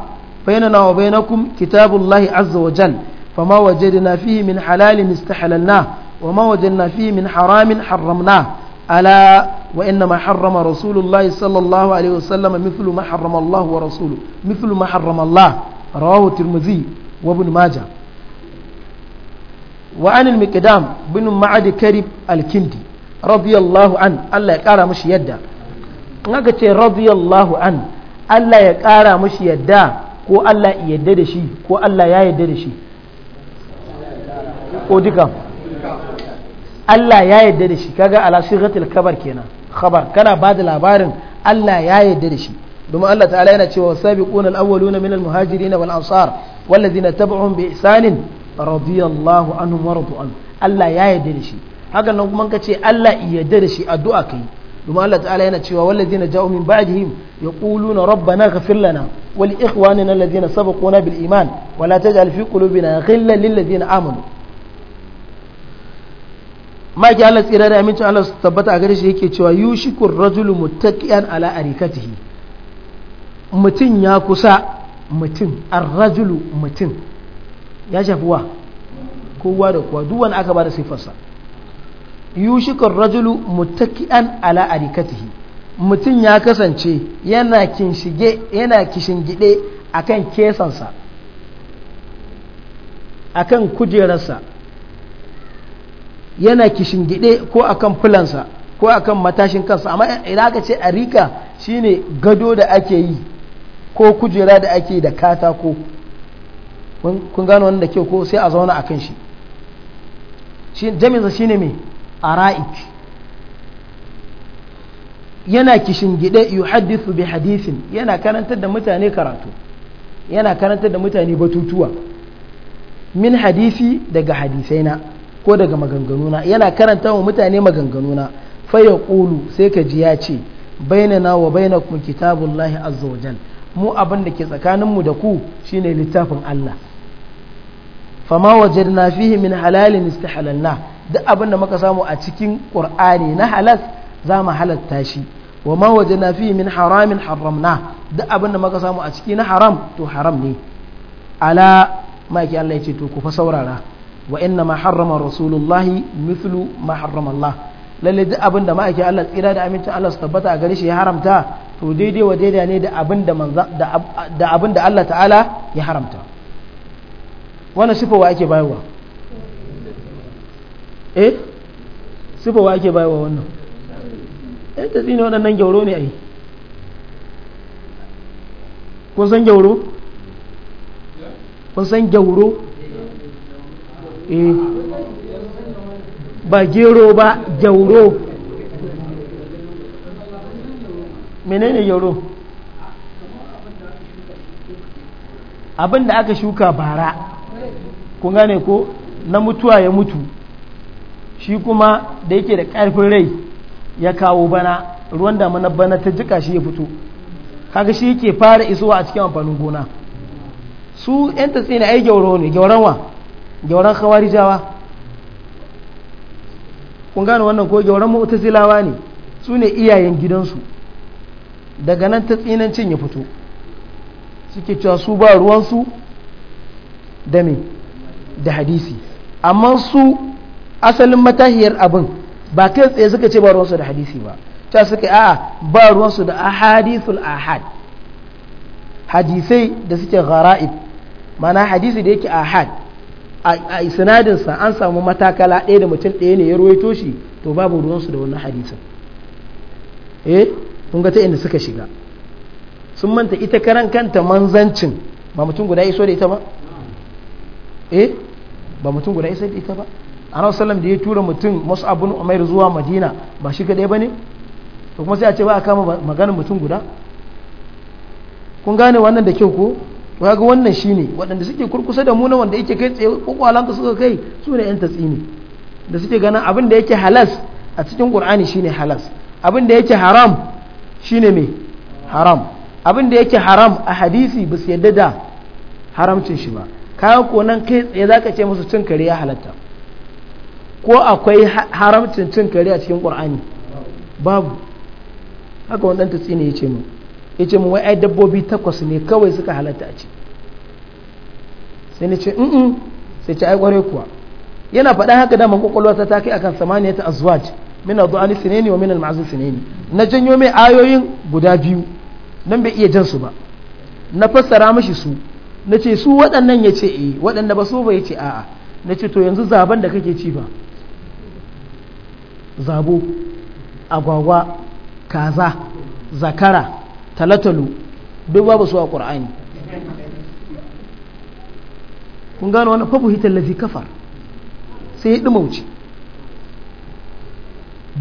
بيننا وبينكم كتاب الله عز وجل فما وجدنا فيه من حلال استحللناه وما وجدنا فيه من حرام حرمناه ألا وإنما حرم رسول الله صلى الله عليه وسلم مثل ما حرم الله ورسوله مثل ما حرم الله رواه الترمذي وابن ماجه وعن المقدام بن معد كرب الكندي رضي الله عنه الله يقرأ مش يده in aka ce radiyallahu an Allah ya ƙara mashi yadda ko Allah ya yadda da shi ko Allah ya yadda da shi ko duka Allah ya yadda da shi kaga ala sighatil kabar kenan khabar kana ba da labarin Allah ya yadda da shi domin Allah ta'ala yana cewa sabiquna al-awwaluna min al-muhajirin wal ansar walladhina tabi'uhum bi ihsanin radiyallahu anhum wa radu an Allah ya yadda da shi haka nan kuma kace Allah ya yadda da shi addu'a kai domin Allah ta'ala yana cewa wallazina ja'u min ba'dihim yaquluna rabbana ighfir lana wa li ikhwanina alladhina sabaquna bil iman wa la taj'al fi qulubina ghillan lil ladzina amanu maki Allah tsira da amincin Allah su tabbata a gare shi yake cewa yushikur rajulu muttaqiyan ala arikatihi mutum ya kusa mutum ar-rajulu mutum ya shafi wa kowa da kowa duk wani aka ba da sifarsa yushikar rajulu muttaki'an ala arikatihi mutum ya kasance yana kinshige yana kishingide akan kesansa akan kujerarsa yana kishingide ko akan fulansa ko akan matashin kansa amma idan aka ce arika shine gado da ake yi ko kujera da ake da katako kun gano wanda ke ko sai a zauna akan shi shi jaminsa shine me ara'ik yana kishin gida yuhaddithu bi hadithin yana karantar da mutane karatu yana karantar da mutane batutuwa min hadisi daga hadisaina ko daga maganganuna yana karanta wa mutane maganganuna fa ya ƙulu sai ka ji ya ce na wa bainakum kitabullahi azza wajal mu abin da ke tsakaninmu da ku shine littafin Allah fama wajadna fihi min halalin istihalalna duk abin da muka samu a cikin qur'ani na halas za mu halatta shi wa ma na fi min haramin haramna duk abin da muka samu a ciki na haram to haram ne ala maki Allah ya ce to ku fa saurara wa inna ma harrama rasulullahi mithlu ma harrama Allah lalle duk abin da ma'aiki Allah tsira da amincin Allah su tabbata a gare shi ya haramta to daidai wa daidai ne da abin da manza da abin da Allah ta'ala ya haramta wannan sifa wa ake bayarwa eh sifa wa ake wa wannan eh ta tsini waɗannan gyauro ne ai kun san gyauro kun san gyauro eh ba gero ba gyauro menene gyauro abin da aka shuka bara kun gane ko na mutuwa ya mutu shi kuma da yake da ƙarfin rai ya kawo bana ruwan mana bana ta jika shi ya fito kaga shi yake fara isowa a cikin amfanin gona su yan ta tsina ai gyauro ne gyauran wa khawarijawa kun gane wannan ko gyauran mu'tazilawa ne su ne iyayen gidansu daga nan ta tsinancin ya fito suke cewa su ba ruwansu da me da hadisi amma su asalin matahiyar abin ba kai tsaye suka ce ba ruwansu da hadisi ba ta suka a'a ba ruwansu da ahadithul ahad hadisai da suke ghara'ib mana hadisi da yake ahad a sinadinsa an samu matakala ɗaya da mutum ɗaya ne ya ruwaito shi to babu ruwansu da wannan hadisin eh kun ga ta inda suka shiga sun manta ita karan kanta manzancin ba mutum guda iso da ita ba eh ba mutum guda iso da ita ba ana wasallam da ya tura mutum masu abun umair zuwa madina ba shi kadai bane to kuma sai a ce ba a kama maganar mutum guda kun gane wannan da kyau ko ya ga wannan shine waɗanda suke kurkusa da mu na wanda yake kai tsaye kwakwalanka suka kai su ne yan tatsini da suke ganin abin da yake halas a cikin qur'ani shine halas abin da yake haram shine me haram abin da yake haram a hadisi ba su yadda da haramcin shi ba kayan ko nan kai tsaye zaka ce masu cin kare ya halatta ko akwai haramcin cin kare a cikin ƙur'ani babu haka wani ɗanta tsine ya ce mu ya ce mu wai ai dabbobi takwas ne kawai suka halatta a ci sai na ce in sai ce ai ƙware kuwa yana faɗa haka daman ƙwaƙwalwa ta take akan samaniya ta azwaj min addu'ani sinani wa min al-ma'zun sinani na janyo mai ayoyin guda biyu nan bai iya jan su ba na fassara mashi su na ce su waɗannan ya ce eh waɗanda ba su ba ya ce a'a na ce to yanzu zaben da kake ci ba zabo agwagwa kaza zakara talatalu duk babu su a ƙur'ani kun gano wani fabu hitar lafi kafar sai ya ɗumauci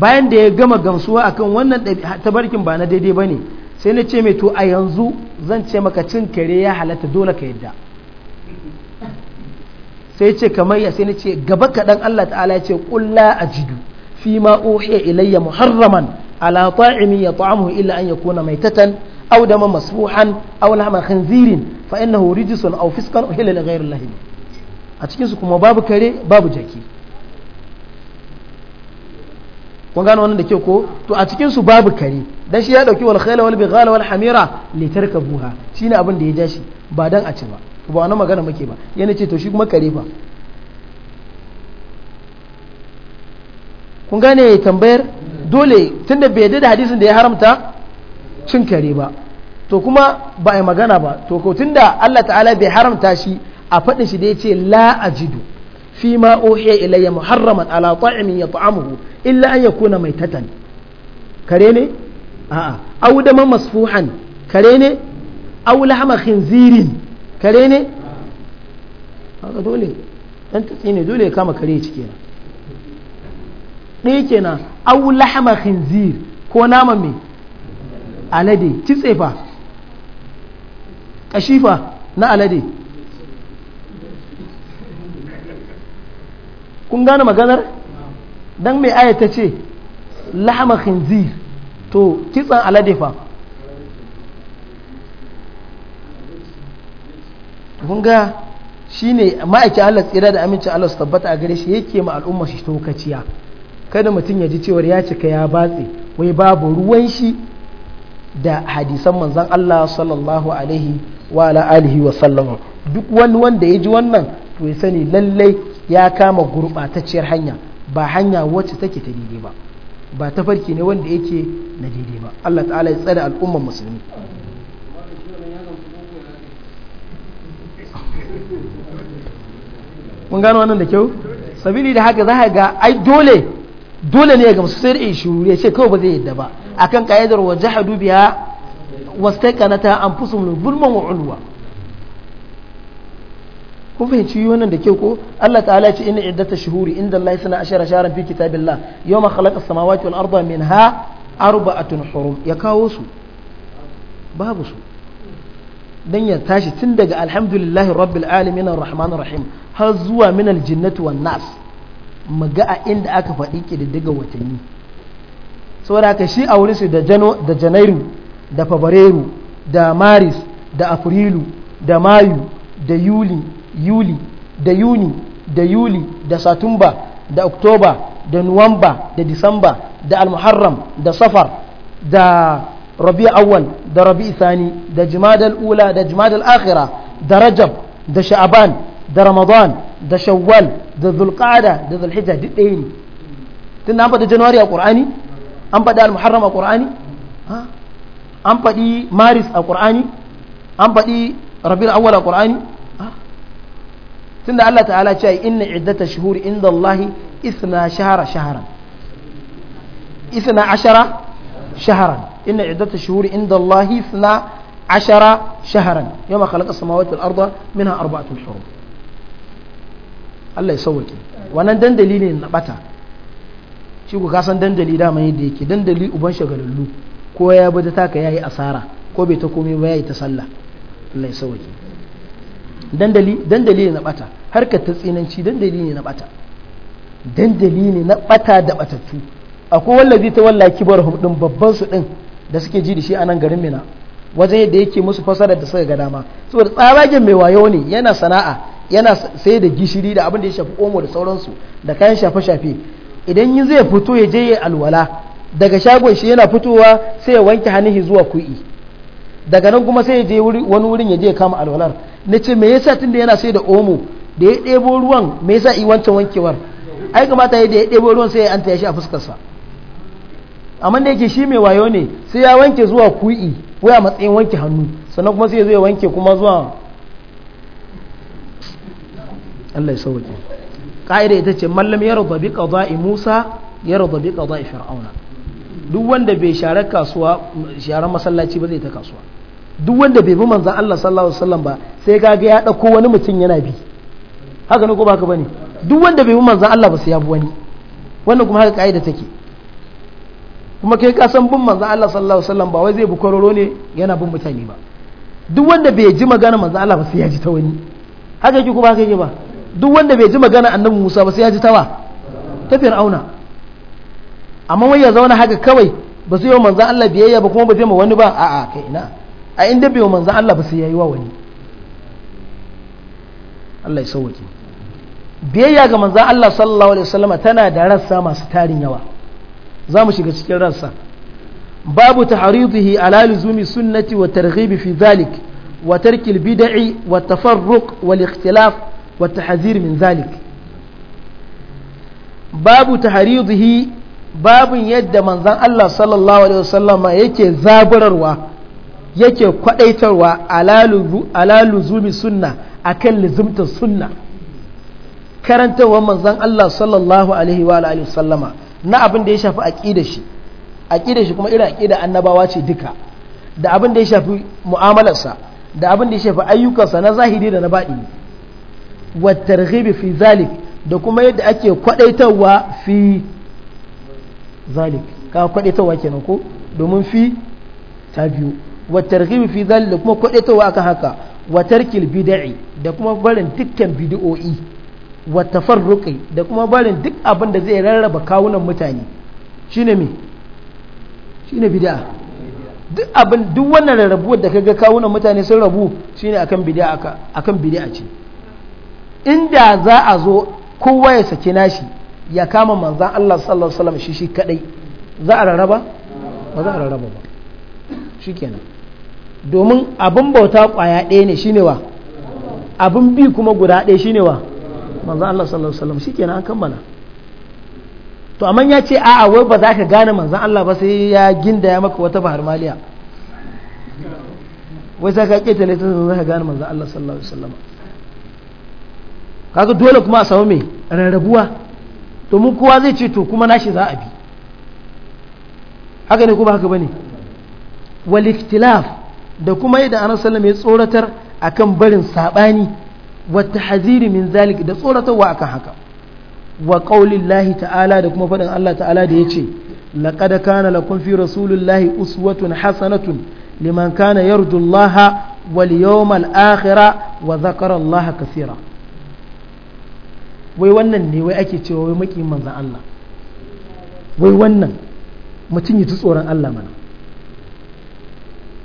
bayan da ya gama gamsuwa akan wannan tabarkin ba na daidai ba ne sai na ce mai to a yanzu zan ce maka cin kare ya halatta dole ka yadda sai ce kamar ya sai na ce gaba kaɗan allah ta'ala ya ce ƙulla a jidu فيما أوحي إلي محرما على طاعم يطعمه إلا أن يكون ميتة أو دما مسفوحا أو لحم خنزير فإنه رجس أو فسقا أحل لغير الله أتكين باب كري باب جاكي kun gano wannan da kyau ko to a cikin su babu kare dan shi ya dauki wal khayla wal bighala wal hamira li tarkabuha shine abin da ya ja ba dan a ci ba ba magana muke ba yana ce to shi kuma kare ba. kun gane tambayar dole tunda bai yadda da hadisin da ya haramta cin kare ba to kuma ba a magana ba to ko tunda Allah ta'ala bai haramta shi a faɗin shi da ya ce la ajidu fi ma uhiya ilayya muharraman ala ta'imin yat'amuhu illa an yakuna maitatan kare ne a'a aw dama masfuhan kare ne aw lahma khinzirin kare ne haka dole dan tsine dole ya kama kare ciki kenan ɗaya kenan au lahama khinzir ko naman me alade kitse fa kashifa na alade kun gane maganar dan mai aya ta ce lahama khinzir to kitsan alade fa kun ga shine ma'aikin Allah tsira da amincin Allah su tabbata a gare shi yake ma al'umma shi tokaciya kada mutum ya ji cewar ya cika ya batse wai babu ruwan shi da hadisan manzan Allah sallallahu alaihi wa alihi wa sallam duk wani wanda ya ji wannan to ya sani lallai ya kama gurɓatacciyar hanya ba hanya wacce take ta daidai ba ba ta farki ne wanda yake na daidai ba Allah ta'ala ya tsare al'ummar musulmi mun gano wannan da kyau sabili da haka za a ga ai dole dole ne ya gamsu sai da ya shuru ya ce kawai ba zai yadda ba akan ka'idar wajen hadu biya wastaqanata mu zulman wa ulwa kun fahimci wannan da ke ko Allah ta'ala ce inna iddata shuhuri inda Allah sana ashara sharan fi kitabillah yawma khalaqa samawati wal arda minha arba'atun hurum ya kawo su babu su dan ya tashi tun daga alhamdulillahi rabbil alamin arrahmanir rahim har zuwa min aljinnati wan nas mu ga a inda aka faɗi ƙididdiga watanni saboda ka shi a wurinsu da da janairu da fabrairu da maris da afrilu da mayu da yuli yuli da yuni da yuli da satumba da oktoba da nuwamba da disamba da almuharram da safar da rabi awwal da rabi sani da jimadal ula da jimadal akhira da rajab da sha'aban ده رمضان ده شوال ده ذو القعده ده ذو الحجه ده دين تن امبا ده جنواري القراني امبا ده المحرم القراني ها امبا دي مارس القراني امبا دي ربيع الاول القراني ها تن الله تعالى شاي ان عده الشهور عند الله اثنا شهر شهرا اثنا عشر شهرا ان عده الشهور عند الله اثنا عشر شهرا يوم خلق السماوات والارض منها اربعه حروف Allah ya wannan dandali ne na bata shi ku kasan dandali dama yadda yake dandali uban shagalallu ko ya bada taka yayi asara ko bai ta komai ba yayi ta sallah Allah ya dandali dandali ne na bata harkar ta tsinanci dandali ne na bata dandali ne na bata da batattu akwai wallazi ta walla kibar din babban su din da suke ji da shi a nan garin Mina wajen yadda yake musu fasara da suka ga dama saboda tsabagen mai wayo ne yana sana'a yana sai da gishiri da abin da ya shafi omo da sauransu da kayan shafe-shafe idan yi zai fito ya je ya alwala daga shagon shi yana fitowa sai ya wanke hannun zuwa ku'i daga nan kuma sai ya je wani wurin ya je ya kama alwalar na ce me yasa tun da yana sai da omo da ya ɗebo ruwan me yasa yi wancan wankewar ai kamata ya da ya ɗebo ruwan sai ya anta ya shi a fuskarsa amma da yake shi mai wayo ne sai ya wanke zuwa ku'i ko matsayin wanke hannu sannan kuma sai ya zo wanke kuma zuwa Allah ya sauke ƙa'ida ita ce mallam ya rada bi qada'i Musa ya rada bi qada'i Fir'auna duk wanda bai share kasuwa share masallaci ba zai ta kasuwa duk wanda bai bi manzon Allah sallallahu alaihi wasallam ba sai ga ya dauko wani mutum yana bi haka ne ko baka bane duk wanda bai bi manzon Allah ba sai ya bi wani wannan kuma haka ka'ida take kuma kai ka san bin manzon Allah sallallahu alaihi wasallam ba wai zai bi kororo ne yana bin mutane ba duk wanda bai ji magana manzon Allah ba sai ya ji ta wani haka ki ko ba haka ba duk wanda bai ji magana annabi Musa ba sai ya ji tawa ta fir'auna amma wai ya zauna haka kawai ba su yi wa manzan Allah biyayya ba kuma ba zai ma wani ba a'a kai ina a inda bai wa manzan Allah ba sai yayi wa wani Allah ya sauke biyayya ga manzan Allah sallallahu alaihi wasallam tana da rassa masu tarin yawa za mu shiga cikin rassa babu tahridihi ala luzumi sunnati wa targhibi fi zalik wa tarki al bid'i wa tafarruq wal ikhtilaf wa tahzir min zalik babu tahridihi babin yadda manzon Allah sallallahu alaihi wasallama yake zaburarwa yake kwadaitarwa ala luzumi sunna akan luzumtar sunna karantarwa manzon Allah sallallahu alaihi wa alihi na وسلم da ya shafi aqidar shi aqidar shi kuma irin aqidar annabawa ce duka da abin da ya shafi mu'amalarsa da abin da ya shafi ayyukansa na zahiri da na baɗini والترغيب في fi zalik da kuma yadda ake kwadaitawa fi zalik ka kwadaitawa kenan ko domin fi ta biyu wa fi zalik da kuma kwadaitawa aka haka wa tarkil bid'i da kuma barin dukkan bid'o'i wa tafarruqi da kuma barin duk abin da zai rarraba kawunan mutane shine me shine bid'a duk abin duk wannan rarrabuwar da kaga kawunan mutane sun rabu shine akan bid'a akan bid'a ce inda za a zo kowa ya saki nashi ya kama manzan Allah sallallahu alaihi wasallam shi shi kadai za a rarraba ba za a rarraba ba shikenan domin abin bauta kwaya ɗaya ne shine wa abin bi kuma guda ɗaya shine wa manzan Allah sallallahu alaihi wasallam shikenan an kammala to amma ya ce a'a wai ba za ka gane manzan Allah ba sai ya ginda ya maka wata bahar maliya wai sai ka ketare ta za ka gane manzan Allah sallallahu alaihi wasallam kaga dole kuma a samu mai rarrabuwa domin kowa zai ce to kuma nashi za a bi haka ne kuma haka bane wal da kuma yadda annabi sallallahu ya tsoratar akan barin sabani wa tahziri min zalik da tsoratarwa akan haka wa qaulillahi ta'ala da kuma faɗin Allah ta'ala da yace laqad kana lakum fi rasulillahi uswatun hasanatun liman kana yarju Allah wal yawmal akhir wa dhakara Allah wai wannan ne wai ake cewa wai makin manzan Allah wai wannan mutum ya ji tsoron Allah mana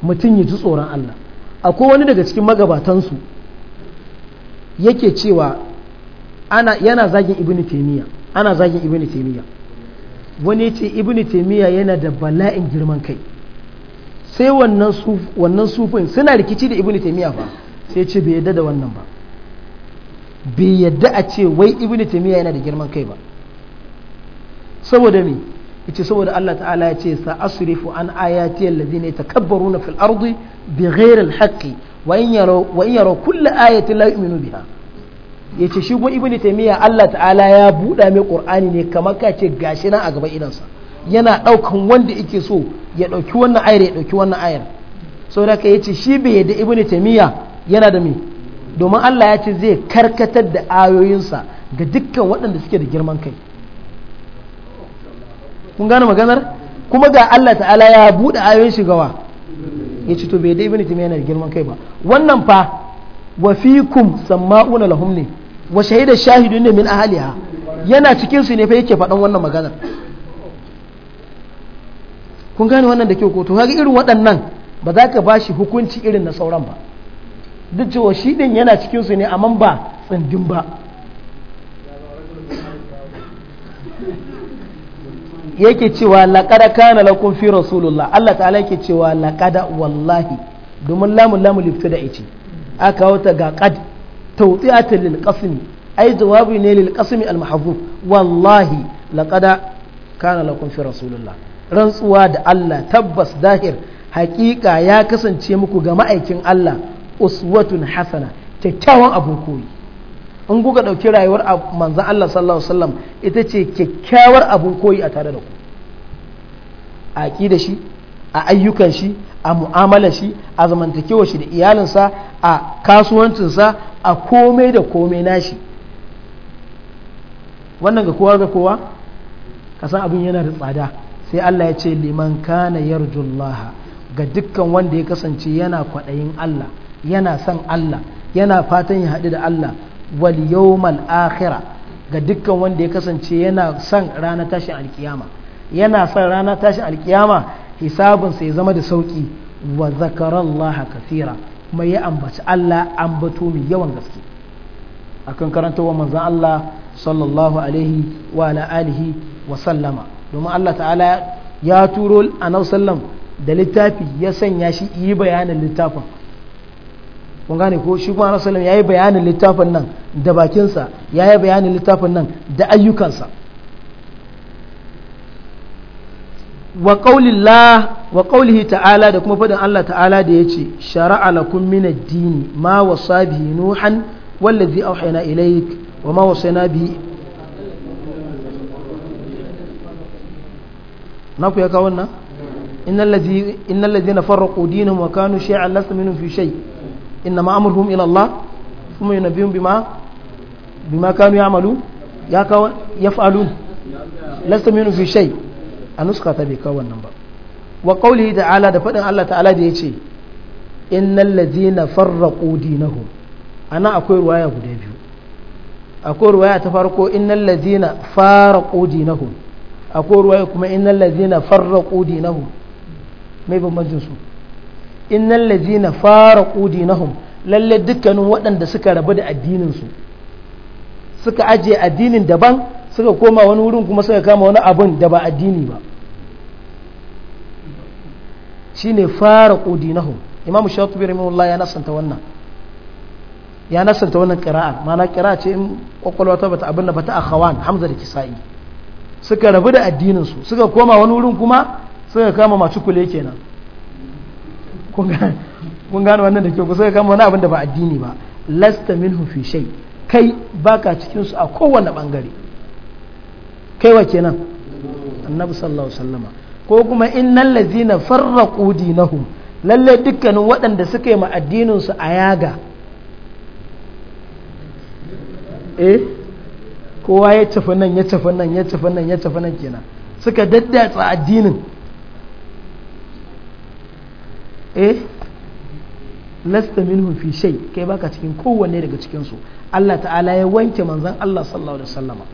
mutum ya ji tsoron Allah akwai wani daga cikin magabatansu yake cewa ana yana zagin ibini taymiya ana zagin ibini taymiya wani ce ibini taymiya yana da bala'in girman kai sai wannan sufin suna rikici da ibini taymiya ba sai ce bai yadda da wannan ba bai yadda a ce wai ibnu taymiya yana da girman kai ba saboda me yace saboda Allah ta'ala ya ce sa asrifu an ayati alladhina na fil ardi bighayri al-haqqi wa in yaraw wa in la yu'minu biha yace shi go ibnu taymiya Allah ta'ala ya buda mai qur'ani ne kamar ka ce gashi nan a gaban idansa yana daukan wanda yake so ya dauki wannan ayar ya dauki wannan ayar saboda ka yace shi bai yadda ibnu yana da me domin Allah ya ce zai karkatar da ayoyinsa ga dukkan waɗanda suke da girman kai kun gane maganar kuma ga Allah ta'ala ya buɗe ayoyin shigawa ya ce to bai dai ibn timiya yana da girman kai ba wannan fa wa fikum samma'una lahum ne wa shahida shahidun ne min ahliha yana cikinsu ne fa yake faɗan wannan maganar kun gane wannan da kyau ko to kaga irin waɗannan ba za ka bashi hukunci irin na sauran ba duk cewa shi din yana cikin su ne amma ba tsindin ba yake cewa laqad kana lakum fi rasulullah Allah ta'ala yake cewa laqad wallahi domin lamun lamun lifta da ice aka wata ga qad tawti'at lil qasmi ai jawabi ne lil qasmi al mahzuf wallahi laqad kana lakum fi rasulullah rantsuwa da Allah tabbas zahir haƙiƙa ya kasance muku ga ma'aikin Allah uswatun hasana kyakkyawan abin koyi in kuka ɗauki rayuwar manzan Allah sallallahu alaihi wasallam ita ce kyakkyawar abin koyi a tare da ku a da shi a ayyukan shi a mu'amalar shi a zamantakewar shi da iyalinsa a kasuwancinsa a komai da komai nashi wannan ga kowa ga kowa kasan abin yana da tsada sai Allah ya ce liman kana yarjullaha ga dukkan wanda ya kasance yana kwaɗayin Allah yana son Allah yana fatan ya haɗu da Allah wal yawmal akhira ga dukkan wanda ya kasance yana son ranar tashin alkiyama yana son ranar tashin alkiyama hisabinsa ya zama da sauki wa zakarallaha kafira kuma ya ambaci Allah ambato mai yawan gaske akan wa manzon Allah sallallahu alaihi wa ala alihi wa sallama domin Allah ta'ala ya turo annabi sallam da littafi ya sanya shi yi bayanin littafin kun gane ko shi kuma rasulun ya yi bayanin littafin nan da bakinsa ya yi bayanin littafin nan da ayyukansa wa ƙaulihi ta'ala da kuma faɗin Allah ta'ala da ya ce shara'a lakum min ad-dini ma wasa bihi nuhan wallazi auhayna ilayk wa ma wasayna bihi na ya kawo wannan innal ladzina farraqu dinahum wa kanu shay'an lasta minhum fi shay' inna ma amurhum Allah kuma yunabihum bima bima kanu ya'malu ya kawo yaf'alu lasta minhu fi shay a nuska ta bai kawo wannan ba wa qawlihi ta'ala da fadin Allah ta'ala da yace innal ladzina farraqu dinahum ana akwai ruwaya guda biyu akwai ruwaya ta farko innal ladzina farraqu dinahum akwai kuma innal ladzina farraqu bambancin su innal ladzina faraqu dinahum lalle dukkanin waɗanda suka rabu da addinin su suka ajiye addinin daban suka koma wani wurin kuma suka kama wani abun da ba addini ba shine faraqu dinahum imam shatibi rahimahullah ya nasanta wannan ya nasanta wannan qira'a mana qira'a ce in kwakwalwa ta bata abin da bata akhawan hamza da kisa'i suka rabu da addinin su suka koma wani wurin kuma suka kama masu kenan kun gano wannan da ke kusa ga kama wani abin da ba addini ba lasta min fi shai kai baka cikin su a kowane bangare kai wa kenan annabi sallallahu alaihi wasallama ko kuma innal ladzina farraqu dinahum lalle dukkanin waɗanda suka yi ma addinin su a yaga eh kowa ya tafi nan ya tafi nan ya tafi nan ya tafi nan kenan suka daddatsa addinin eh lasta minhum fi shay kai baka cikin kowanne daga cikin su Allah ta'ala ya wanke manzon Allah sallallahu alaihi wasallama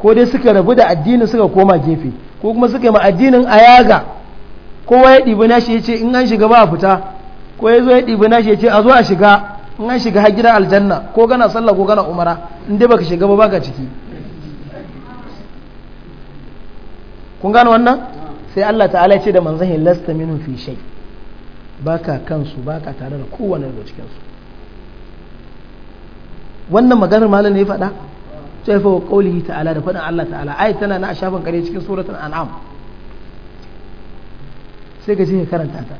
ko dai suka rabu da addinin suka koma gefe ko kuma suka yi ma addinin ayaga kowa ya dibi nashi ya ce in an shiga ba a fita ko ya zo ya dibi nashi ya ce a zo a shiga in an shiga har gidan aljanna ko kana sallah ko kana umara in dai baka shiga ba baka ciki kun gane wannan sai Allah ta'ala ya ce da manzon lasta minhum fi shay' baka kansu baka tare da kowane daga cikinsu wannan maganar malam ne ya faɗa sai fa ta'ala da faɗin Allah ta'ala ayat tana na a shafin kare cikin suratul an'am sai ka je ka karanta ta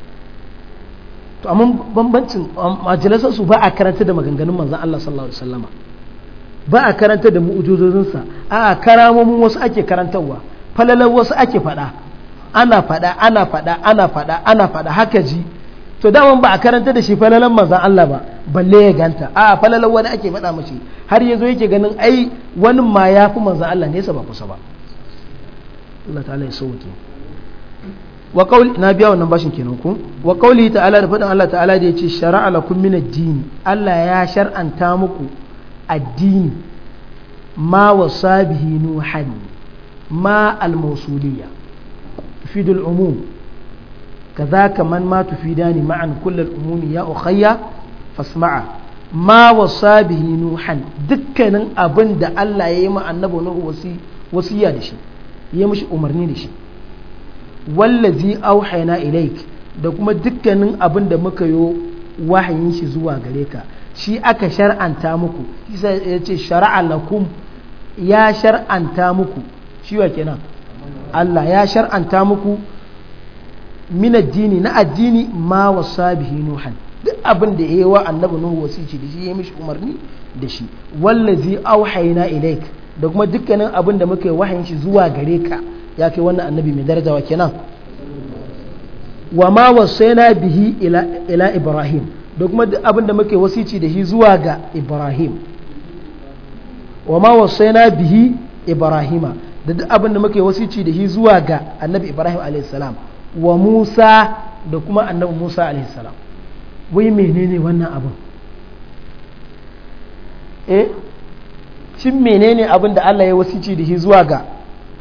to amma bambancin majalisarsu su ba a karanta da maganganun manzon Allah sallallahu alaihi wasallama ba a karanta da mu'ujizozinsa a karamomin wasu ake karantarwa falalar wasu ake faɗa ana faɗa ana faɗa ana faɗa ana faɗa haka ji to daman ba a karanta da shi falalan manzan Allah ba balle ya ganta a falalan wani ake faɗa mashi har yazo yake ganin ai wani ma ya fi manzan Allah nesa ba kusa ba Allah ta'ala ya sauke wa qauli na biya wannan bashin kenan ku wa qauli ta'ala da faɗin Allah ta'ala da yace shar'a lakum min ad-din Allah ya shar'anta muku addini ma wasabihi nuhan ma al-mawsuliyya fidul umum كذاك من ما تفيدان معا كل الأموم يا ya فاسمع ما وصى به نوحا دكنا أبن دا الله يما النبو نوح وصي وصيا دشي يمش أمرني دشي wallazi auhayna ilaik da kuma dukkanin abin da muka yi wahayin shi zuwa gare ka shi aka shar'anta muku isa ya ce shara'a lakum ya shar'anta muku shi wa kenan Allah ya shar'anta muku min addini na addini ma wasa bihi nuhan duk abin da yayi wa annabi nuhu wasici da shi yayi mishi umarni da shi wallazi auhayna ilayk da kuma dukkanin abin da muka yi wahayin shi zuwa gare ka ya kai wannan annabi mai darajawa kenan wa ma wasaina bihi ila ila ibrahim da kuma duk abin da muka yi wasici da shi zuwa ga ibrahim wa ma wasaina bihi ibrahima da duk abin da muka yi wasici da shi zuwa ga annabi ibrahim alayhi salam wa musa da kuma annabi musa salam wai menene wannan abin eh shin menene abin da allah ya wasici da shi zuwa ga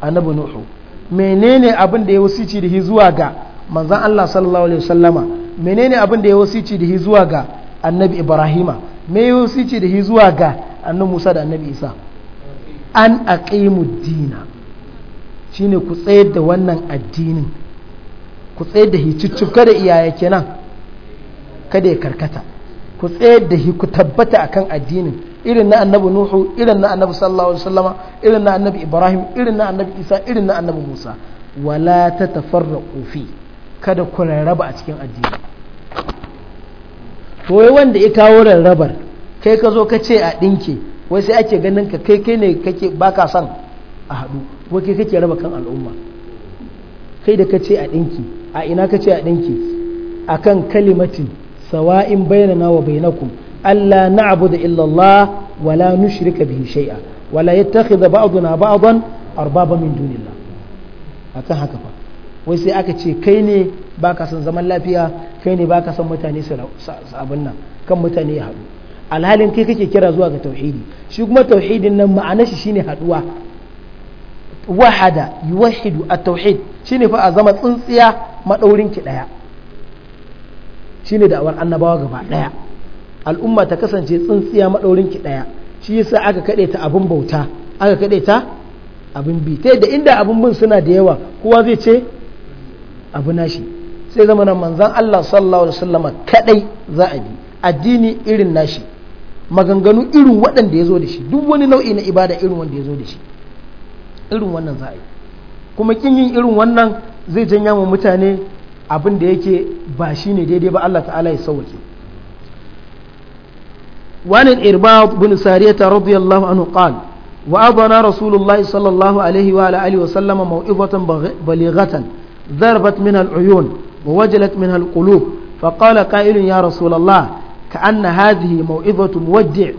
annabi nuhu menene abin da ya wasici da shi zuwa ga manzan allah sallallahu alaihi wasallama menene abin da ya wasici da shi zuwa ga annabi ibrahima me ya wasici da shi zuwa ga annabi musa da annabi isa an aqimu dina shine ku tsayar da wannan addinin ku tsaye da hicicci kada iyaye kenan kada ya karkata ku tsaye da hi ku tabbata akan addinin irin na annabi nuhu irin na annabi sallallahu alaihi wasallama irin na annabi ibrahim irin na annabi isa irin na annabi musa wala ta tafarraqu fi kada ku rarraba a cikin addini to wai wanda ya kawo rarrabar kai ka zo ka ce a dinke wai sai ake ganin ka kai kai ne kake baka son a haɗu wai kai kake raba kan al'umma kai da ka ce a dinki a ina ka ce a ɗinki akan kalimatin sawa'in bainana wa bainakum alla na'budu illa Allah wa la nushrika bihi shay'a wa la yattakhidha ba'duna ba'dan arbaba min dunillah akan haka fa wai sai aka ce kai ne baka son zaman lafiya kai ne baka son mutane su nan kan mutane ya haɗu alhalin kai kake kira zuwa ga tauhidi shi kuma tauhidin nan ma'anar shi shine haɗuwa wahada yuwahidu at-tauhid shine fa a zama tsintsiya maɗaurin ɗaya ɗaya ne da'awar annabawa gaba ɗaya al'umma ta kasance tsintsiya maɗaurin ɗaya shi yasa aka kaɗe ta abin bauta aka kaɗe ta abin bi ta yadda inda abin bin suna da yawa kowa zai ce abu nashi sai zama nan manzan Allah sallallahu alaihi wasallama kadai za a bi addini irin nashi maganganu irin waɗanda ya zo da shi duk wani nau'i na ibada irin wanda ya zo da shi irin wannan za a yi kuma kin yin irin wannan zai janya mu mutane abinda da yake ba shi ne daidai ba Allah ta'ala ya irba'a wani irbaut bin sariyata radiyallahu anhu qal wa adana rasulullahi sallallahu alaihi wa alihi wa sallama maw'izatan balighatan zarbat min al'uyun wa wajalat min kulub fa qala qailun ya rasulullah ka anna hadhihi maw'izatu muwaddi'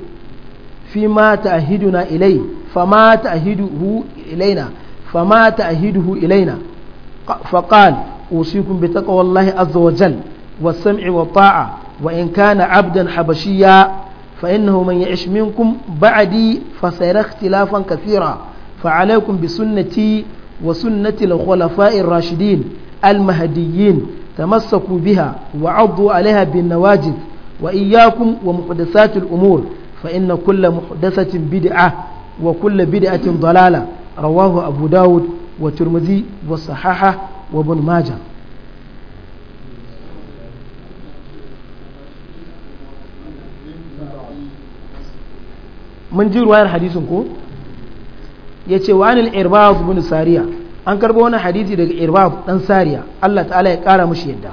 fima ta'hiduna ilay fama ta'hiduhu ilayna فما تأهده إلينا فقال أوصيكم بتقوى الله عز وجل والسمع والطاعة وإن كان عبدا حبشيا فإنه من يعش منكم بعدي فسيرى اختلافا كثيرا فعليكم بسنتي وسنة الخلفاء الراشدين المهديين تمسكوا بها وعضوا عليها بالنواجذ وإياكم ومحدثات الأمور فإن كل محدثة بدعة وكل بدعة ضلالة rawahu abu dawud wa turmuzi wa sahaha wa ibn majah mun ji ruwayar hadisin ko ya ce wa anil irbab bin sariya an karbo wani hadisi daga irbab dan sariya Allah ta'ala ya kara mashi yadda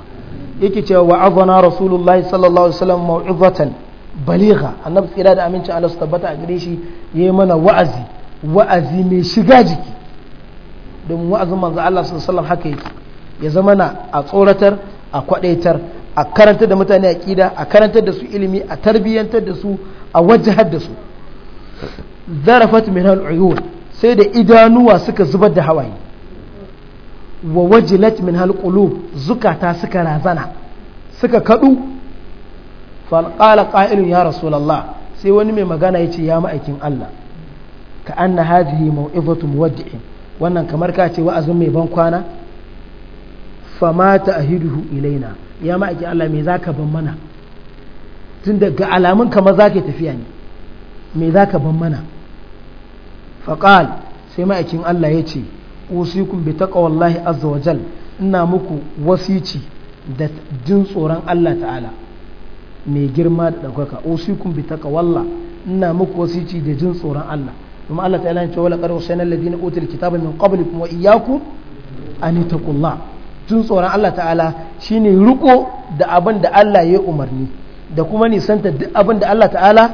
yake cewa wa azana rasulullahi sallallahu alaihi wasallam mau'izatan baligha annabi tsira da aminci Allah su tabbata a gare ya yi mana wa'azi wa'azi mai shiga jiki domin wa'azin manzo Allah sallallahu haka yake ya zama na a tsoratar a kwadaitar a karanta da mutane a ƙida a karanta da su ilimi a tarbiyyantar da su a wajahar da su zarafat min al sai da idanuwa suka zubar da hawaye wa wajilat min al zukata suka razana suka kadu fa ƙa'ilun ya rasu rasulullah sai wani mai magana ya ce ya ma'aikin Allah ka anna hadhihi mau'izatu muwaddi'in wannan kamar ka ce wa'azin mai ban kwana famata ahiduhu ilaina ya ma ake Allah me ka ban mana tun daga alamun kamar ka tafiya ne me ka ban mana faƙal sai ma'aikin Allah ya ce usikum bi wallahi azza wa jal ina muku wasici da jin tsoron Allah ta'ala mai girma da ɗaukaka usikum bi wallah ina muku wasici da jin tsoron Allah kuma Allah Ta ya ce wala sai usayna ladina utul kitaba min qablikum kuma iyaku. an kula. tun tsoron Allah ta'ala shine riko da abin da Allah ya umarni da kuma nisanta duk abin da Allah ta'ala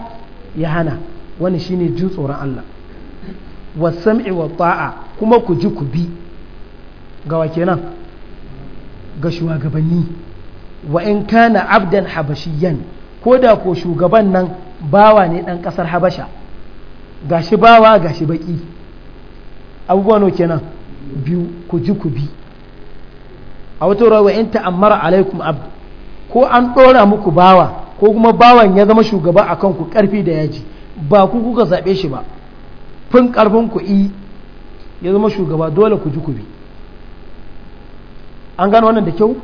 ya hana wani shine jin tsoron Allah wasam'i wa ta'a kuma ku ji ku bi ga gawa kenan ga shugabanni wa in kana abdan habashiyan ko da ko shugaban nan bawa ne dan kasar habasha gashi bawa gashi baki abubuwa no kenan biyu ku ji ku bi a wata rawa in ta'ammara alaikum ab ko an ɗora muku bawa ko kuma bawan ya zama shugaba a kanku ƙarfi da yaji ba ku kuka zaɓe shi ba fin ƙarfin ku i ya zama shugaba dole ku ji ku bi an gano wannan da kyau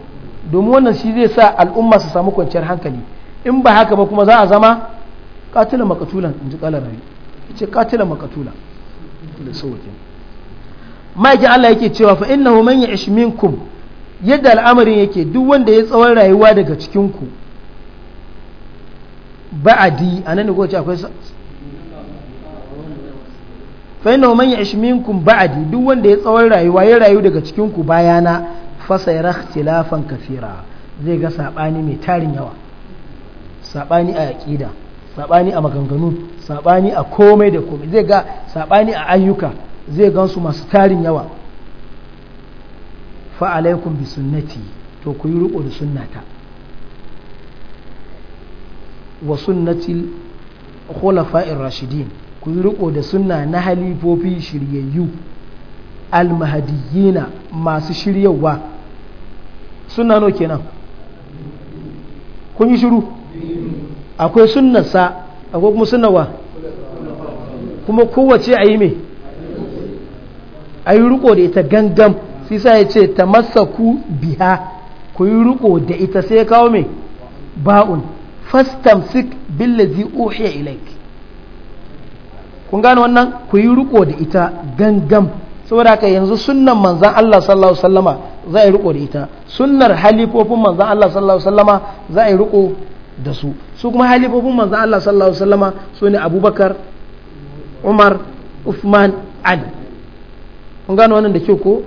domin wannan shi zai sa al'umma su samu kwanciyar hankali in ba haka ba kuma za a zama katilan makatulan in ji kalar rabi ce katila makatula da sauke ma'aikin Allah yake cewa fa inna man ya'ish minkum yadda al'amarin yake duk wanda ya tsawon rayuwa daga cikin ku ba'adi nan ko goce akwai fa inna man ya'ish minkum ba'adi duk wanda ya tsawon rayuwa ya rayu daga cikin ku bayana fasa ya ikhtilafan kafira zai ga sabani mai tarin yawa sabani a aqida saɓani a maganganu saɓani a komai da komai zai ga saɓani a ayyuka zai gansu masu tarin yawa fa'alaikun bi sunnati to ku yi riko da sunnata wa sunnati khulafa'ir rashidin ku yi riko da sunna na halifofi shiryayyu almahadiyyina masu shiryawa sunna no kenan kun yi shiru akwai sunnarsa akwai kuma sunawa kuma kowace a yi mai a yi riko da ita gangan sai sa ya ce ta masa ku biha ku yi riko da ita sai ya kawo mai ba'un fastamsik billazi ohe ilaik kun gane wannan ku yi riko da ita gangan saboda haka yanzu sunan manzan Allah sallallahu sallama za a yi riko da ita sunan halifofin manzan Allah sallallahu sallama za a yi riko da su su kuma halifofin manzan Allah sallallahu alaihi wasallama su ne abubakar umar uthman ali kun gano wannan da kyau ko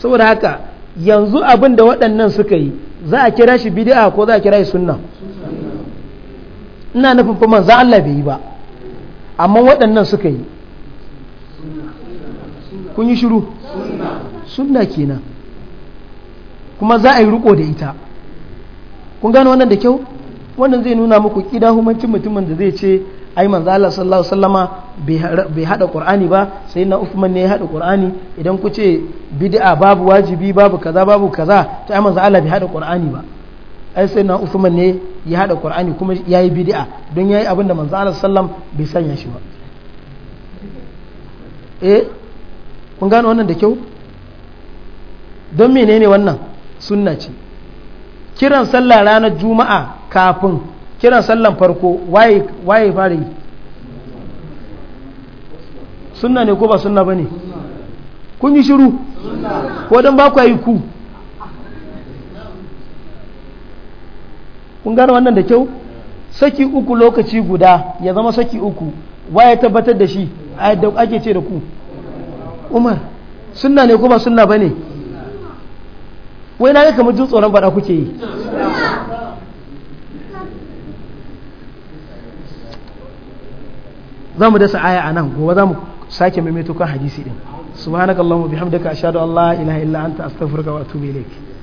saboda haka yanzu abin da waɗannan suka yi za a kira shi bid'a ko za a kira shi sunna ina nufin fa za Allah bai yi ba amma waɗannan suka yi kun yi shiru sunna kenan kuma za a yi riko da ita kun gano wannan da kyau wannan zai nuna muku kida humancin mutumin da zai ce ai manzo Allah sallallahu alaihi wasallama bai hada qur'ani ba sai na Uthman ne ya hada qur'ani idan ku ce bid'a babu wajibi babu kaza babu kaza to ai manzo Allah bai hada qur'ani ba ai sai na Uthman ne ya hada qur'ani kuma yayi bid'a don yayi abin da manzo Allah sallam bai sanya shi ba eh kun gano wannan da kyau don menene wannan sunna ce kiran sallah ranar juma'a kafin kiran sallan farko waye fara yi sunna ne ko ba sunna ba ne kun yi shiru ko don ba yi ku kun gane wannan da kyau saki uku lokaci guda ya zama saki uku waye tabbatar da shi ake ce da ku umar sunna ne ko ba sunna ba ne wai na ga kamar jin tsoron bada kuke yi za mu dasa aya a nan gobe za mu sake maimaito kan hadisi din subhanakallahumma bihamdika ashhadu an la ilaha illa anta astaghfiruka wa atubu ilayk